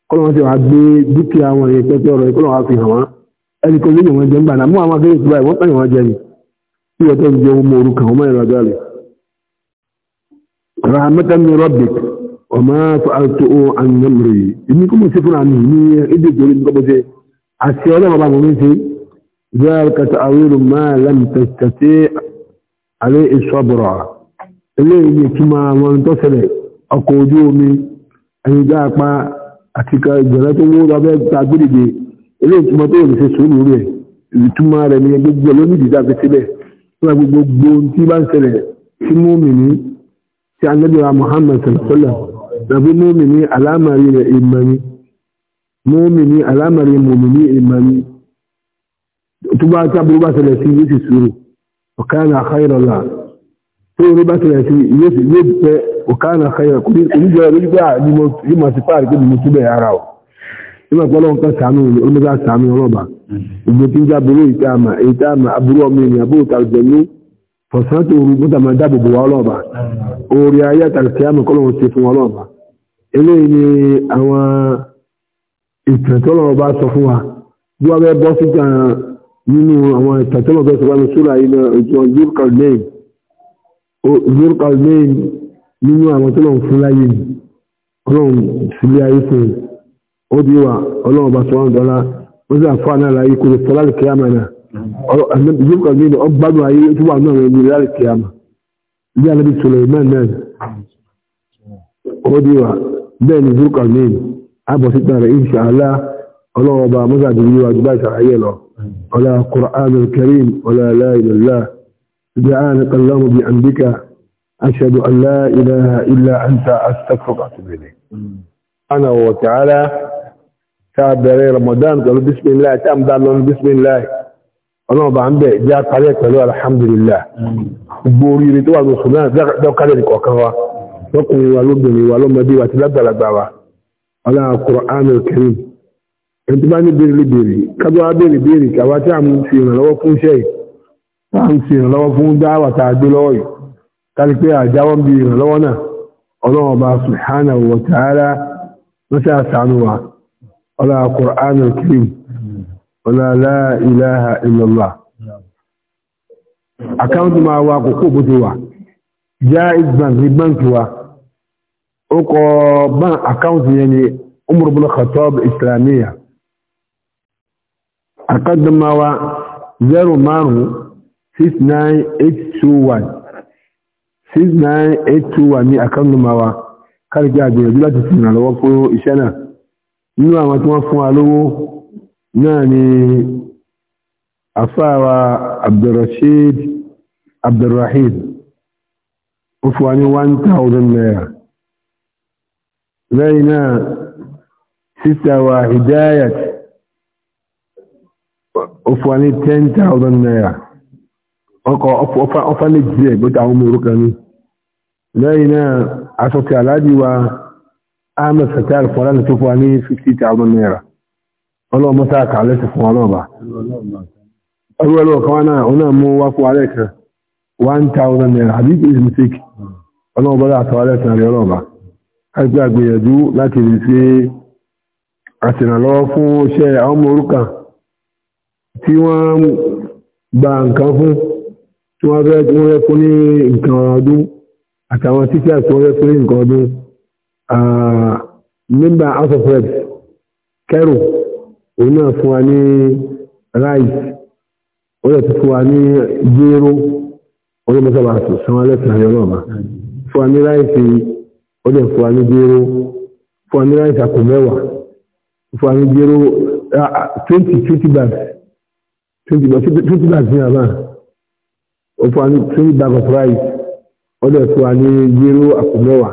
kọ́lọ́wọ́n ti wà gbé dúkìá wọn yẹn pẹ́pẹ́ ọ̀rọ̀ ìkọ́lọ́wọ́n fi hàn wọ́n ẹni kò léyìn wọn jẹ ń gbà mú àwọn akẹ́yìn tó báyìí wọ́n pẹ̀yìn wọn jẹ ni tí wọ́n tó ń jẹ ohun mọ̀ọ́rù kan ọmọ ìrọ̀jọ́ rẹ̀ rahmatan rabbik ọmọ àtò àyàmùrè èmi kò mọ̀ sí fúnra mi ní ẹ̀ẹ́dẹ̀gbẹ̀rẹ̀ mi kọ́ sí àti ọlọ́mọba mọ̀ mi ṣe ذلك تأويل ما لم تستطيع عليه الصبر إليه كما منتصر أقودومي أن جاء أتيكا جلاتو مودا بيك تعبيري إليه كما تقول في سوري ìtumọ̀ rẹ̀ ní gbogbo olómìnì dáfi síbẹ̀ fún ẹgbẹ́ gbogbo tí bá ń ṣẹlẹ̀ sí mọ́mìnì tí anábìra Muhammad sọ̀rọ̀sọ́là tàbí mọ́mìnì alámàrí rẹ̀ ìmọ̀ ni mọ́mìnì alámàrí mọ́mìnì ìmọ̀ ni tó bá tí aburú bá ṣẹlẹ̀ sí yóò sì sùúrù ọ̀kánà àkáyọ̀rọ̀ là tó orí bá ṣẹlẹ̀ sí yóò pẹ́ ọ̀kánà àkáyọ̀rọ̀ kò ní oníjọ lójú pé yóò máa ti páàrí pé mo túbẹ̀ ara ọ̀ nígbà pé ọlọ́run kan sàánú ni olùdókà sàánú ọlọ́ba ìgbò tí ń já burú ìta àmà ìta àmà aburú ọmọ ènìyàn abúrò tàbí fọ̀sán tó rú bọ́ sí gan nínú àwọn ìtàtẹ́mọ̀ bẹ́ẹ̀ sọ́bá ní ṣúra ilẹ̀ ìjọ zurkalnein nínú àwọn tó lọ́n fún láyé ọlọ́run sílé ayé fún ó di wà ọlọ́run bá sọ́wọ́n dọ́lá ó sì àfọ́ àná láyé kò lè sọ láti kíyàmà náà zurkalnein ó gbádùn ayé tó wà náà ní láti kíyàmà bí alẹ́ bí Suleiman náà ó di wà bẹ́ẹ̀ ni zurkalnein àbọ̀síta rẹ̀ inṣàlá ọlọ́run ọba mọ́sàdìrí wájú bá ìṣàlàyé lọ ولا قرآن الكريم ولا لا إله الله سبحانك اللهم بأمرك أشهد أن لا إله إلا أنت أستغفرك وأتوب إليك أنا وتعالى تعبير رمضان قالوا بسم الله تام دارنا بسم الله ọlọ́run bá ń bẹ̀ jẹ́ àtàrẹ́ pẹ̀lú alhamdulillah gbogbo oríire tó wà ní oṣù náà dákàlẹ̀ nìkọ̀ọ̀kan wa lọ́kùnrin wa lóbìnrin wa lọ́mọdé wa ti lágbàlagbà wa ọlọ́run Qur'anul Karim ẹni tó bá ní béèrè lè béèrè kájọ́ wá béèrè béèrè káwá tí a mú fi ìrànlọ́wọ́ fún iṣẹ́ yìí tá à ń fi ìrànlọ́wọ́ fún dáwà tá a gbé lọ́wọ́ yìí kárí pé àjáwọ́ bí ìrànlọ́wọ́ náà ọlọ́run ọba subhanahu wa ta'ala ló ṣe àṣàánú wa ọlá Qur'an al-Karim ọlá la ilaha àkáǹtì máa wa kókó bó ti wà Jaiz bank báǹkì wa ó kọ báǹkì àkáǹtì yẹn ni Umar bin Khattab Islamiyya àkádọ́máwá 05 69821 69821 ní àkádọ́máwá káàkiri àgbìyànjú láti fìrìnà lọ́wọ́ fún iṣẹ́ náà nínú àwọn tí wọ́n fún wa lówó náà ni àfáàwà Abdulrasheed Abdulrahim ó fún wa ní 1000 naira lẹ́yìn náà sísàwà Hidayat ọfọ ní ten thousand naira ọkọ̀ ọfọ ní jíẹ̀ bó ta àwọn ọmọ orúkọ ní lẹ́yìn náà asọ̀tì aláàjì wa ahmed satar fọ́lá ní tó fọ́ ní fifty thousand naira ọlọ́mọ sáà kà lẹ́sẹ̀ fún ọlọ́ọ̀bà ọlọ́ọ̀bà ọlọ́ọ̀kan náà ọ̀nà mú wá fún alẹ́ kan one thousand naira àbí is mistake ọlọ́ọ̀bà látọ̀ alẹ́ kan rẹ̀ ọlọ́ọ̀bà kájú àgbìyànjú tí wọ́n gba nǹkan fún tí wọ́n fẹ́ tí wọ́n fẹ́ fún ní nǹkan ọdún àtàwọn títà tí wọ́n fẹ́ fún ní nǹkan ọdún member house of reps kẹrù òun náà fún wa ní rice ó yẹ ti fún wa ní jéró olóòmọ́sábà sanwó lẹ́sìn ayọ́ náà ma fún wa ní rice ó yẹ fún wa ní jéró fún wa ní rice àpò mẹ́wàá fún wa ní jéró twenty twenty bags twenty but twenty bags ní àbá ó fún twenty bag of rice wa yíró àpò mẹ́wàá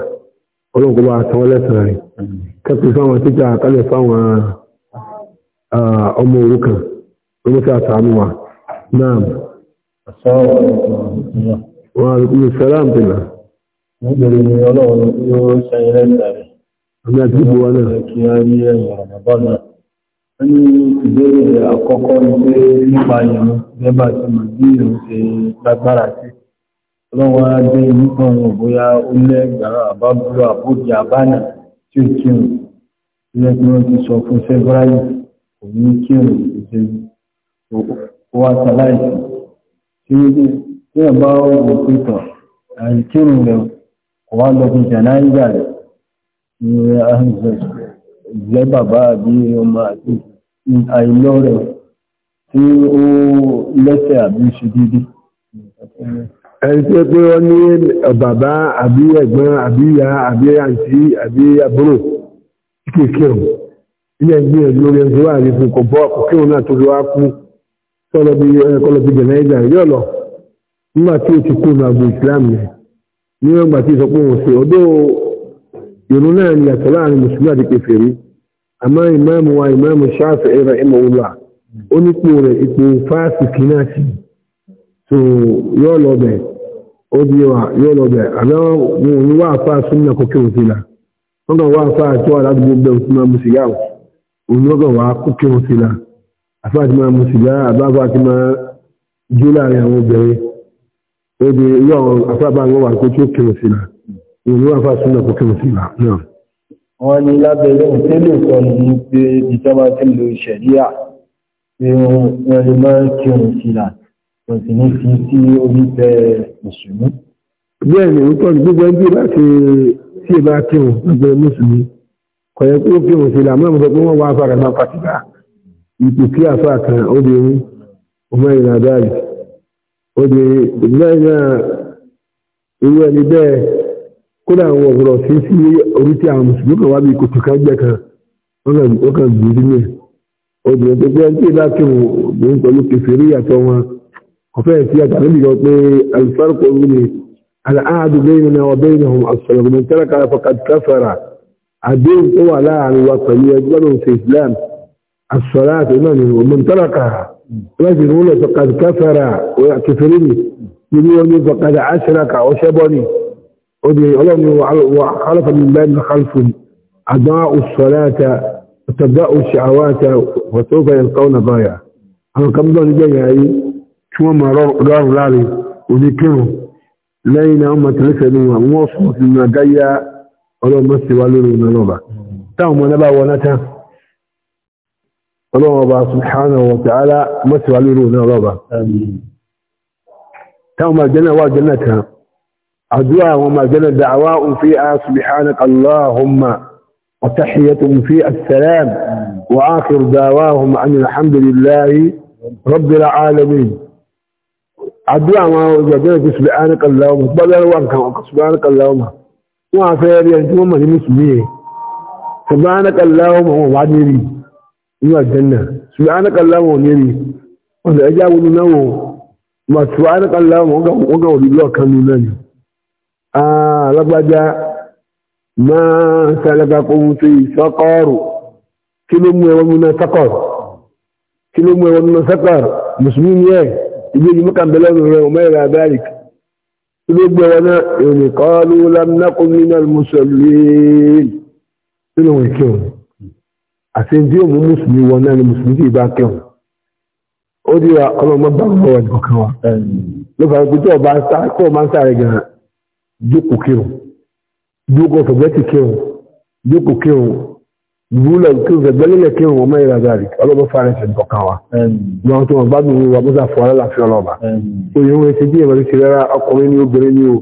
bá sanwó rẹ̀ fáwọn títà kálẹ̀ fáwọn ọmọ wa náà. wọ́n á rúkú sẹ́lám tìlà. nítorí ni ọlọ́run yóò ṣe ilé ìtàrí. àmì àti ìbò wa náà. kí á rí ní ìbéèrè àkọ́kọ́ ní pé nípa ìrìn gẹ́bà tí mọ̀ bí ìrìn ṣe lágbára sí ọlọ́wọ́ adé e nípa òun bóyá ó lẹ́gbàá àbábúrò àbójì àbánà tí ó kírun tí wọ́n ti sọ fún kò ní ó wá sàláìsì tí bá wò pé rẹ̀ kò wá jẹ́ bàbá àbí ọmọ àti àìlọ́ rẹ̀ tí ó lẹ́sẹ̀ àbí ṣe dédé. ẹni tí ó pé ọ ní bàbá àbí ẹ̀gbọ́n àbí ìyá àbí àǹtí àbí àbúrò kéèkéèrò ilé ẹgbẹ́ ẹ̀ lórí ẹni tí wà ní fún kò bọ́ àkókò náà tó wá kú kọlọ̀bí jẹ̀nẹ́jà yóò lọ nígbà tí ó ti kú ní agbo ìsìlámù ní ọgbà tí ìsọpọ̀ òun ṣe ọdún irun náà ni yàtọ̀ láàrin mùsùlùmí àti kèfèrí àmọ́ ìmáàmù wa ìmáàmù Shafi'i rahimahullah ó nípò rẹ̀ ipò fáàsì kìnnàtì tó yọ́ lọ bẹ̀ ó di wa yọ́ lọ bẹ̀ àmọ́ wọn ò ní wá àfa súnmọ́ kókè òsìlà wọ́n kàn wá àfa àti wà ládùúgbò bẹ́ẹ̀ òsì máa mú sìgá òun yọ́ kàn wá kókè òsìlà àfa àti máa mú sìgá ìlú àfà súnà kò kí wọ́n sí ìgbà náà. wọ́n ní lábẹ́rẹ́ òtẹ́lẹ̀ sọ ní pé ìjọba ti lo ìṣẹ̀ríà pé wọ́n lè máa kí òun sílà kò sì ní fi sí orí tẹ mùsùlùmí. bẹ́ẹ̀ ni orúkọ gbogbo ẹgbẹ́ bá ṣe tí ì bá kí òun gbogbo mùsùlùmí kò yẹ kó kí òun sílà mọ́ àwọn ọmọ wa fara máa fàtìgbà ipò kí àfà kan ó di ọmọ ìlànà báyìí ó di ìgbà náà irú ẹni bẹ́ẹ̀ kódà àwọn ọ̀rọ̀ sí sí orí tí àwọn mùsùlùmí kan wá bí kòtò kan jẹ́ kan wọ́n kàn gbé nínú ẹ̀ obìnrin tó pé tí ìlà tó mò ń pẹ̀lú kẹfìrí àtọ wọn ọ̀fẹ́ ti àtàlẹ́ mi lọ pé alifárùkọ mi ni aláàdù bẹ́yìn náà wọ́n bẹ́yìn náà àṣọ̀rọ̀ mi tẹ́lẹ̀ kára fọkà káfàrà àdéhùn tó wà láàrin wa pẹ̀lú ẹgbẹ́ náà ṣe Islam àṣọ̀rọ̀ àti náà ni ọmọ tẹ́lẹ̀ ودي وخلف من باب خلف أضاعوا الصلاة وتبدأوا الشعوات وسوف يلقون ضايع أنا كم دون جاي شو ما رار لاري وذكروا لين أمة لسنوا وصمت لما جاي ولو مسي من نلوبا تاهم ونبا ونتا ولو أبا سبحانه وتعالى مسي من نلوبا تاهم الجنة والجنة أدوى وما زال دعواء في سبحانك اللهم وتحية في السلام وآخر دعواهم أن الحمد لله رب العالمين أدوى ما زال سبحانك اللهم بدل وانك سبحانك اللهم وعفير ينتم من المسلمين سبحانك اللهم هو بعدني إلى الجنة سبحانك اللهم هو نيري وإذا أجابوا لنا سبحانك اللهم هو لله alágbájá máa sálẹ́gbà kóhun sí sọ́kọ́rù kí ló mú ẹwọ́n múná sọ́kọ̀rù kí ló mú ẹwọ́n múná sọ́kọ̀rù mùsùlùmí ni ẹ̀ ibi yìí mọ́kàn bẹ̀rẹ̀ rẹ̀ ọmọ ẹ̀rọ abẹ́rẹ́ kí ló gbé wọn náà èrè kọ́ ló lámúnákó nínú mùsùlùmí nínú wọn kírun àti ẹni tí ó mú mùsùlùmí wọn náà ni mùsùlùmí kì í bá kírun ó dira ọlọ́mọ bá wọn wọ̀ ẹ̀kọ́ kan wa ló jókòó kírun jókòó fẹ̀gbẹ́tì kírun jókòó kírun ìwúlọ̀ kírun fẹ̀gbẹ́lélẹ̀ kírun ọmọ ìlà gàrí ọlọ́bọ̀ fàrẹsẹ̀ dọ̀kan wa lọ́wọ́ tó wọn bá dùn wíwá bó sàfọ́ aláàfin ọlọ́ba òye wọn ti díẹ̀ pẹ̀lú ìṣẹ̀lẹ̀ ọkùnrin ní obìnrin ní o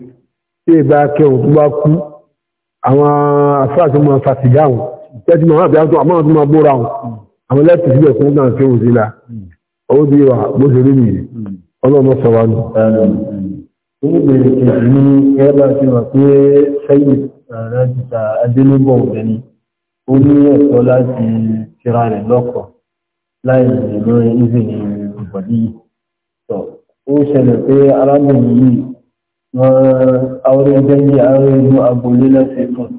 tí ì bá kírun tó bá kú àwọn afáàtì máa fàtìgá wọn tẹ́tí máa bí àwọn àmọ́ tó máa bóra wọn àwọn lẹ́tì síbẹ̀ fún náà kírun sí la ó di wa bó ṣe rí nìyí ọlọ́mọ sọ wa nù. oníbèrè kejì ní ẹgbà tí wọ́n pé sẹ́yìn ààrẹ títà adélébọ̀ òdẹni ó ní ẹ̀tọ́ láti tira rẹ̀ lọ́kọ̀ láì nínú ìzìnì ìbọ̀dí yìí tọ́ ó ṣẹlẹ̀ pé arábìnrin yìí wọ́n àwọn ẹgbẹ́ yìí àwọn inú agboolé lẹ́sẹ̀ fún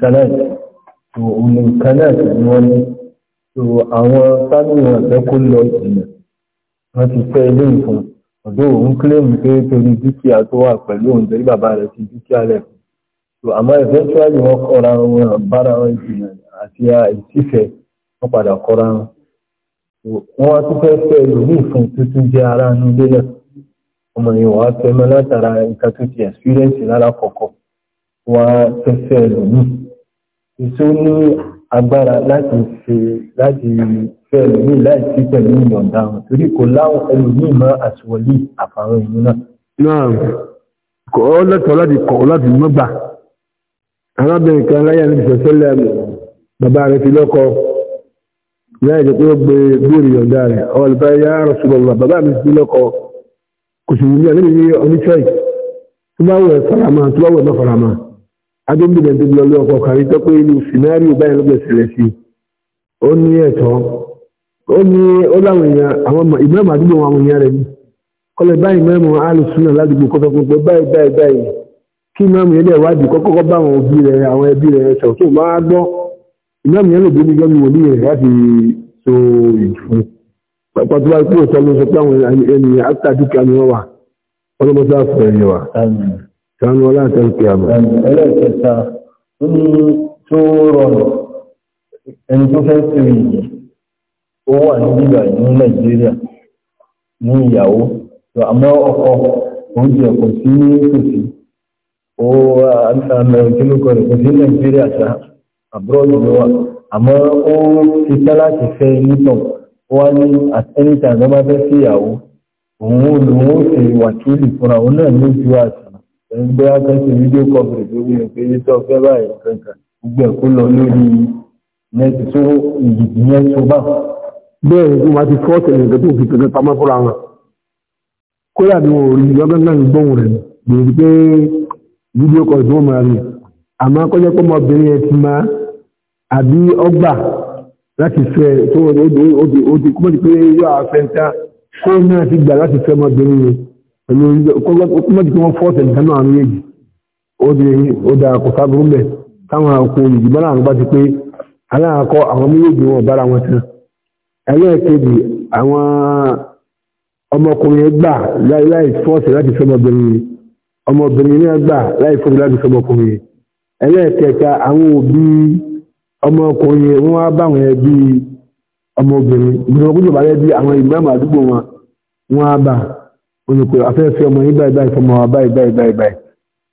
lára òun nìkan náà sì ni wọ́n ní so àwọn sábìrì ọ̀fẹ́ kó lọ jìnnà wọ́n ti fẹ́ ilé ìfún ọ̀dọ́ òun kílèmù pé torí dúkìá tó wà pẹ̀lú òun torí bàbá rẹ̀ ti dúkìá rẹ̀ fún so àmọ́ eventually wọ́n kọ́ra wọn bára wọn jìnnà àti ìtìfẹ́ wọ́n padà kọ́ra wọn wọ́n wá tún fẹ́ fẹ́ ìlú ìfún tuntun jẹ́ ara nílé náà ọmọ yìí wọ́n á fẹ́ mọ́ látara nǹkan tó ti experience lára kọ̀ọ̀kọ̀ wọ́n á fẹ́ fẹ́ ìlú yìí èso ní agbára láti ṣe láti fẹ́ ẹlòmíì láì sí pẹ̀lú ìyọ̀ǹda wọn torí kò láwọn ẹlòmíì mọ́ àṣìwọ̀lì àfàwọn ìlú náà. náà kọ́ ọ lẹ́tọ̀ọ́ láti kọ̀ láti mọ́gbà arábìnrin kan láyé àti ìṣẹ̀ṣẹ̀lẹ̀ bàbá rẹ̀ fi lọ́kọ láì jẹ́ pé ó gbé bóòlù ìyọ̀ǹda rẹ̀ ọ̀ lọ́pàá yá Rasulullah bàbá mi fi lọ́kọ kò sì wù mí àlẹ́ mi ní oníṣẹ́ yìí tó bá wẹ̀ farama tó bá wẹ̀ má farama adébìnrin tó lọ lọ́kọ kàrí tó pé inú scenario báyìí ló bẹ̀rẹ̀ sílẹ̀ sí ó ní ẹ̀tọ́ ó ní ó láwọn èèyàn àwọn ìmọ̀ọ́mọ̀ àdúgbò àwọn èèyàn rẹ̀ ní kọlẹ̀ báyìí mẹ́mọ̀ alùsùnà ládùúgbò kọfẹ́ pé báyìí báyìí báyìí kí mẹ́mọ̀ yẹn lè wádìí kọ́kọ́kọ́ bá àwọn òbí rẹ̀ àwọn ẹbí rẹ̀ sọ̀rọ̀ tó máa gbọ́ ìmọ̀ọ́mọ̀ yẹn lè bí nígbà mi wòlíì rẹ̀ láti so ìfún pàtó wáyé pé òtọ́ ló sọ pé àwọn ènìyàn àtàdúkà ni wọ́n wà ọlọ́mọdé àfọ̀ ẹ̀yẹ wà sanu ọláǹtẹ́ ń pè àmọ́. ẹlẹ́ẹ̀kẹta ó ní tó rọrùn ẹni tó fẹ́ sèrè yìí ó wà ní bíbà ní nàìjíríà ní ìyàwó àmọ́ ọkọ oúnjẹ kò sí ní tòsí ó àmẹ́rin kí ló kọ rẹ̀ kò sí nàìjíríà sá àbúrọ̀dù ló wà àmọ́ ó ti tẹ́ láti fẹ́ nítàn ó wá ní àtẹ́nìtà lọ́mọdé sí ìyàwó òun òun ó ṣe wàkílì fúnra òun náà ní ojú àti ẹ̀yìn bóyá kẹ́sì fídíò conference lórí ẹ̀pẹ́ tó fẹ́ báyìí kankan gbogbo ẹ̀kú lọ lórí nẹ́ẹ̀tì tó ìyìdì yẹn tó bá. bẹ́ẹ̀ ni wọ́n ti fọ́ tẹ̀lé ìgbẹ́ tó fi tẹ̀lé pamọ́ fúnra wọn kóyà ni wọn ò rí lọ́gbẹ́ náà gbóhùn rẹ̀ lórí pé fídíò conference wọn máa rí àmọ́ kọ́jọ́ pé ọmọbìnrin ẹ̀ ti máa àbí ọgbà láti fẹ́ tó o di kúmọ̀ ní pé yóò àfẹ́ńtà kó náà ti gbà láti fẹ́ ọmọbìnrin yẹn pẹ̀lú kọ́mọ̀tì kí wọ́n fọ́ọ̀tẹ̀ nìkanú àwọn méjì ó di ó da kòtà gúrúmbẹ̀ táwọn akọ olùdìbọ́n àwọn bá ti pé aláàkọ́ àwọn méjèèjì wọn bára wọn tán ẹlẹ́ẹ̀kejì àwọn ọmọkùnrin gbà láì fọ́ọ̀tẹ̀ láti ọmọbìnrin láì fọ́ọ̀tẹ̀ láti ẹlẹ́ẹ̀kẹta àwọn òbí ọmọkùnrin wọn ọmọbìnrin ìgbìmọ̀ kújọba àwọn olùkọ́ afẹ́fẹ́ ọmọ yìí báyìí báyìí fọmọ wa báyìí báyìí báyìí báyìí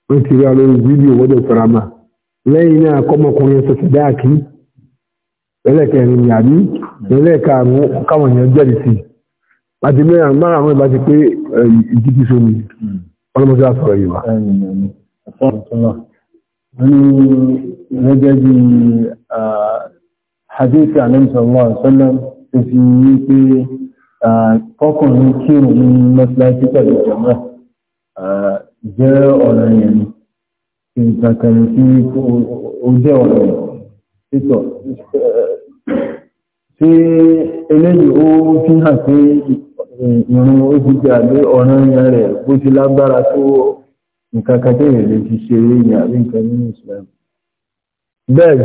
wọ́n ti rí wa lórí fídíò wọ́n dẹ̀ fara ma lẹ́yìn náà kọ́mọkùnrin ṣẹ̀ṣẹ̀ dáàkì ẹlẹ́kẹ̀rin ní àbí ẹlẹ́kàrún káwọn èèyàn jẹ́rìí sí àti mẹ́rin márùn àwọn ìbá ti pé ìdíkì sómi ọlọ́mọdé àsọ̀rọ̀ yìí wa. gẹ́gẹ́ bí ah, hadith alayhi sallallahu alayhi wa sallam ti fi kọkùnrin o ní mọ́síláṣí pẹ̀lú ìjọba jẹ́ ọ̀rọ̀ yẹn ni nǹkan kan tí ó jẹ́ ọ̀rọ̀ yẹn títọ̀ tí eléyìí ó fi hàn pé ìrún ó ti jẹ́ àbí ọ̀rọ̀ yẹn rẹ̀ bó ti lágbára tó nǹkan kan tẹ̀yẹ̀ lè ti ṣe eré ní àbí nǹkan nínú ìsìlámù. bẹ́ẹ̀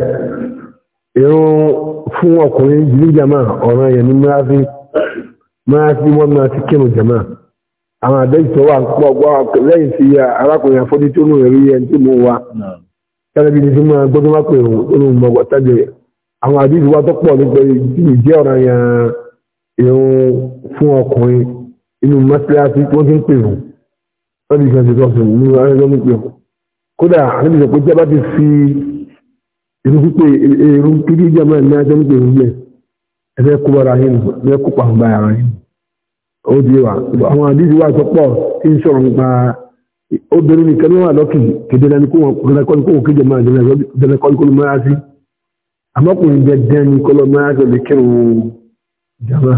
ìrún fún ọkùnrin jìlíjàmá ọ̀rọ̀ yẹn ní mìíràn máa fi wọ́n máa ti kírun jàmá àwọn àdéhùtò wà pọ̀ gbọ́ lẹ́yìn sí arákùnrin àfọ́jú tó nù rí ẹni tí mo wà tẹ́lẹ̀ bí ní tí máa gbọ́dọ̀ wá pè ń mọ̀gbọ́ tẹ́lẹ̀ àwọn àdéhùtò wà tó pọ̀ nípa ìjẹ́ ọ̀ràn yẹn irun fún ọkùnrin inú mọ́síláṣí wọ́n ti ń pè wọ́n wọ́n ti gbọ́n ti tọ́ sí inú ẹgbẹ́ kódà àdéhùtò sọ pé tí ti fi irú pípé irú kíkí jẹ́ mọ́ ẹ̀ ní ajọ́ ń pè wọ́n bẹ́ẹ̀ ẹ o di wa àwọn àdìsí wa sọ pọ̀ tí ń sọ̀rọ̀ nípa obìnrin nìkan ní wà lọ́kì kedere ní kóhùn kéjọ máa dẹ̀rẹ̀ kọ́lùkọ́lù máa sí àmọ́kùnrin dẹ̀dẹ̀ ní kọ́lọ̀ máa sọ lè kírun jama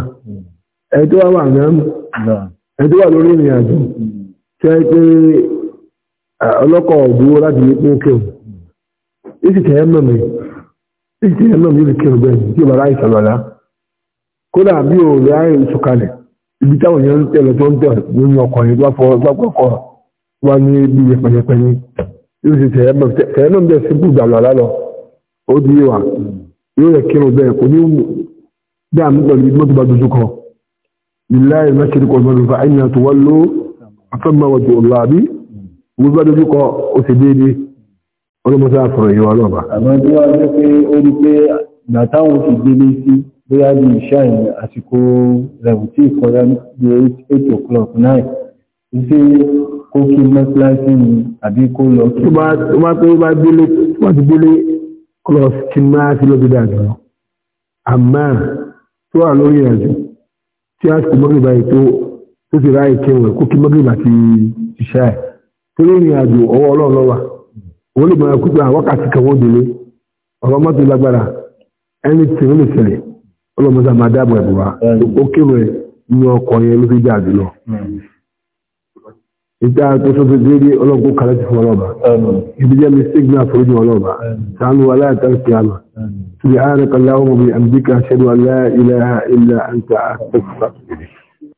ẹni tó wà wà ya ẹni tó wà lórí ìrìn àjò tí òdúró láti tí bá kódà bí ibi táwọn èèyàn ń tẹ̀lọ tó ń tẹ̀ nínú ọkọ̀ yìí tó fọ gbàgbọ́kọ̀ wá ní ibi pẹ̀yẹpẹ̀yẹ yóò ṣe tẹ̀yẹ mọ̀ tẹ̀yẹ náà ń bẹ̀ sí bùgbà lọ lálọ ó di wà yóò rẹ̀ kírun bẹ́ẹ̀ kò ní dáàmú pẹ̀lú mọ́tò bá dojú kan ìlà ìmọ̀kiri kò gbọdọ̀ fa ẹ̀yìn àti wọ́n ló afẹ́mọ̀wọ̀tò ọ̀la àbí wọ́n bá dojú kan ó sì déédé ọlọ́mọdé àfọ̀rọ̀ yìí wà lọ́ba. àmọ́ tí wọ́n ṣe pé ó rí pé nàtàwọn ti délé sí bóyá ní ìṣáì àsìkò rẹ̀wù tí ìkọjá ní 8 o'clock 9 ìṣe kó kí mọ́síláṣí ni àbí kó lọ kí. tó bá tó bá délé tó bá ti délé kọlọs tí máa fi lọ́dọ̀ dàgbà lọ àmọ́ tó wà lórí ìrìnàjò tí àsìkò mọ́gìrìbà yìí tó tó ti ráyè kẹwẹ̀ kó kí mọ́gìrìbà ti ìṣáì tó lórí ìrìnàjò ọwọ́ ọlọ́run lọ́wà òun lè mọ ẹkú pé àwọn wákàtí kan wọ́n délé ọ̀rọ̀ mọ́tò lágbára ẹni tì ọlọ́mọdé máa dáàbò ẹ̀bùn wa ó kéré ní ọkọ̀ yẹn ló fi jà jùlọ. Hmm. ìjà tó sọ́tò déédé ọlọ́gbọ́n kalẹ̀ ti fún ọlọ́ba ibi jẹ́ mi sígbìn àforíjì ọlọ́ba sànù aláàtà sí àmà. سبحانك اللهم وبحمدك أشهد أن لا إله إلا أنت أستغفرك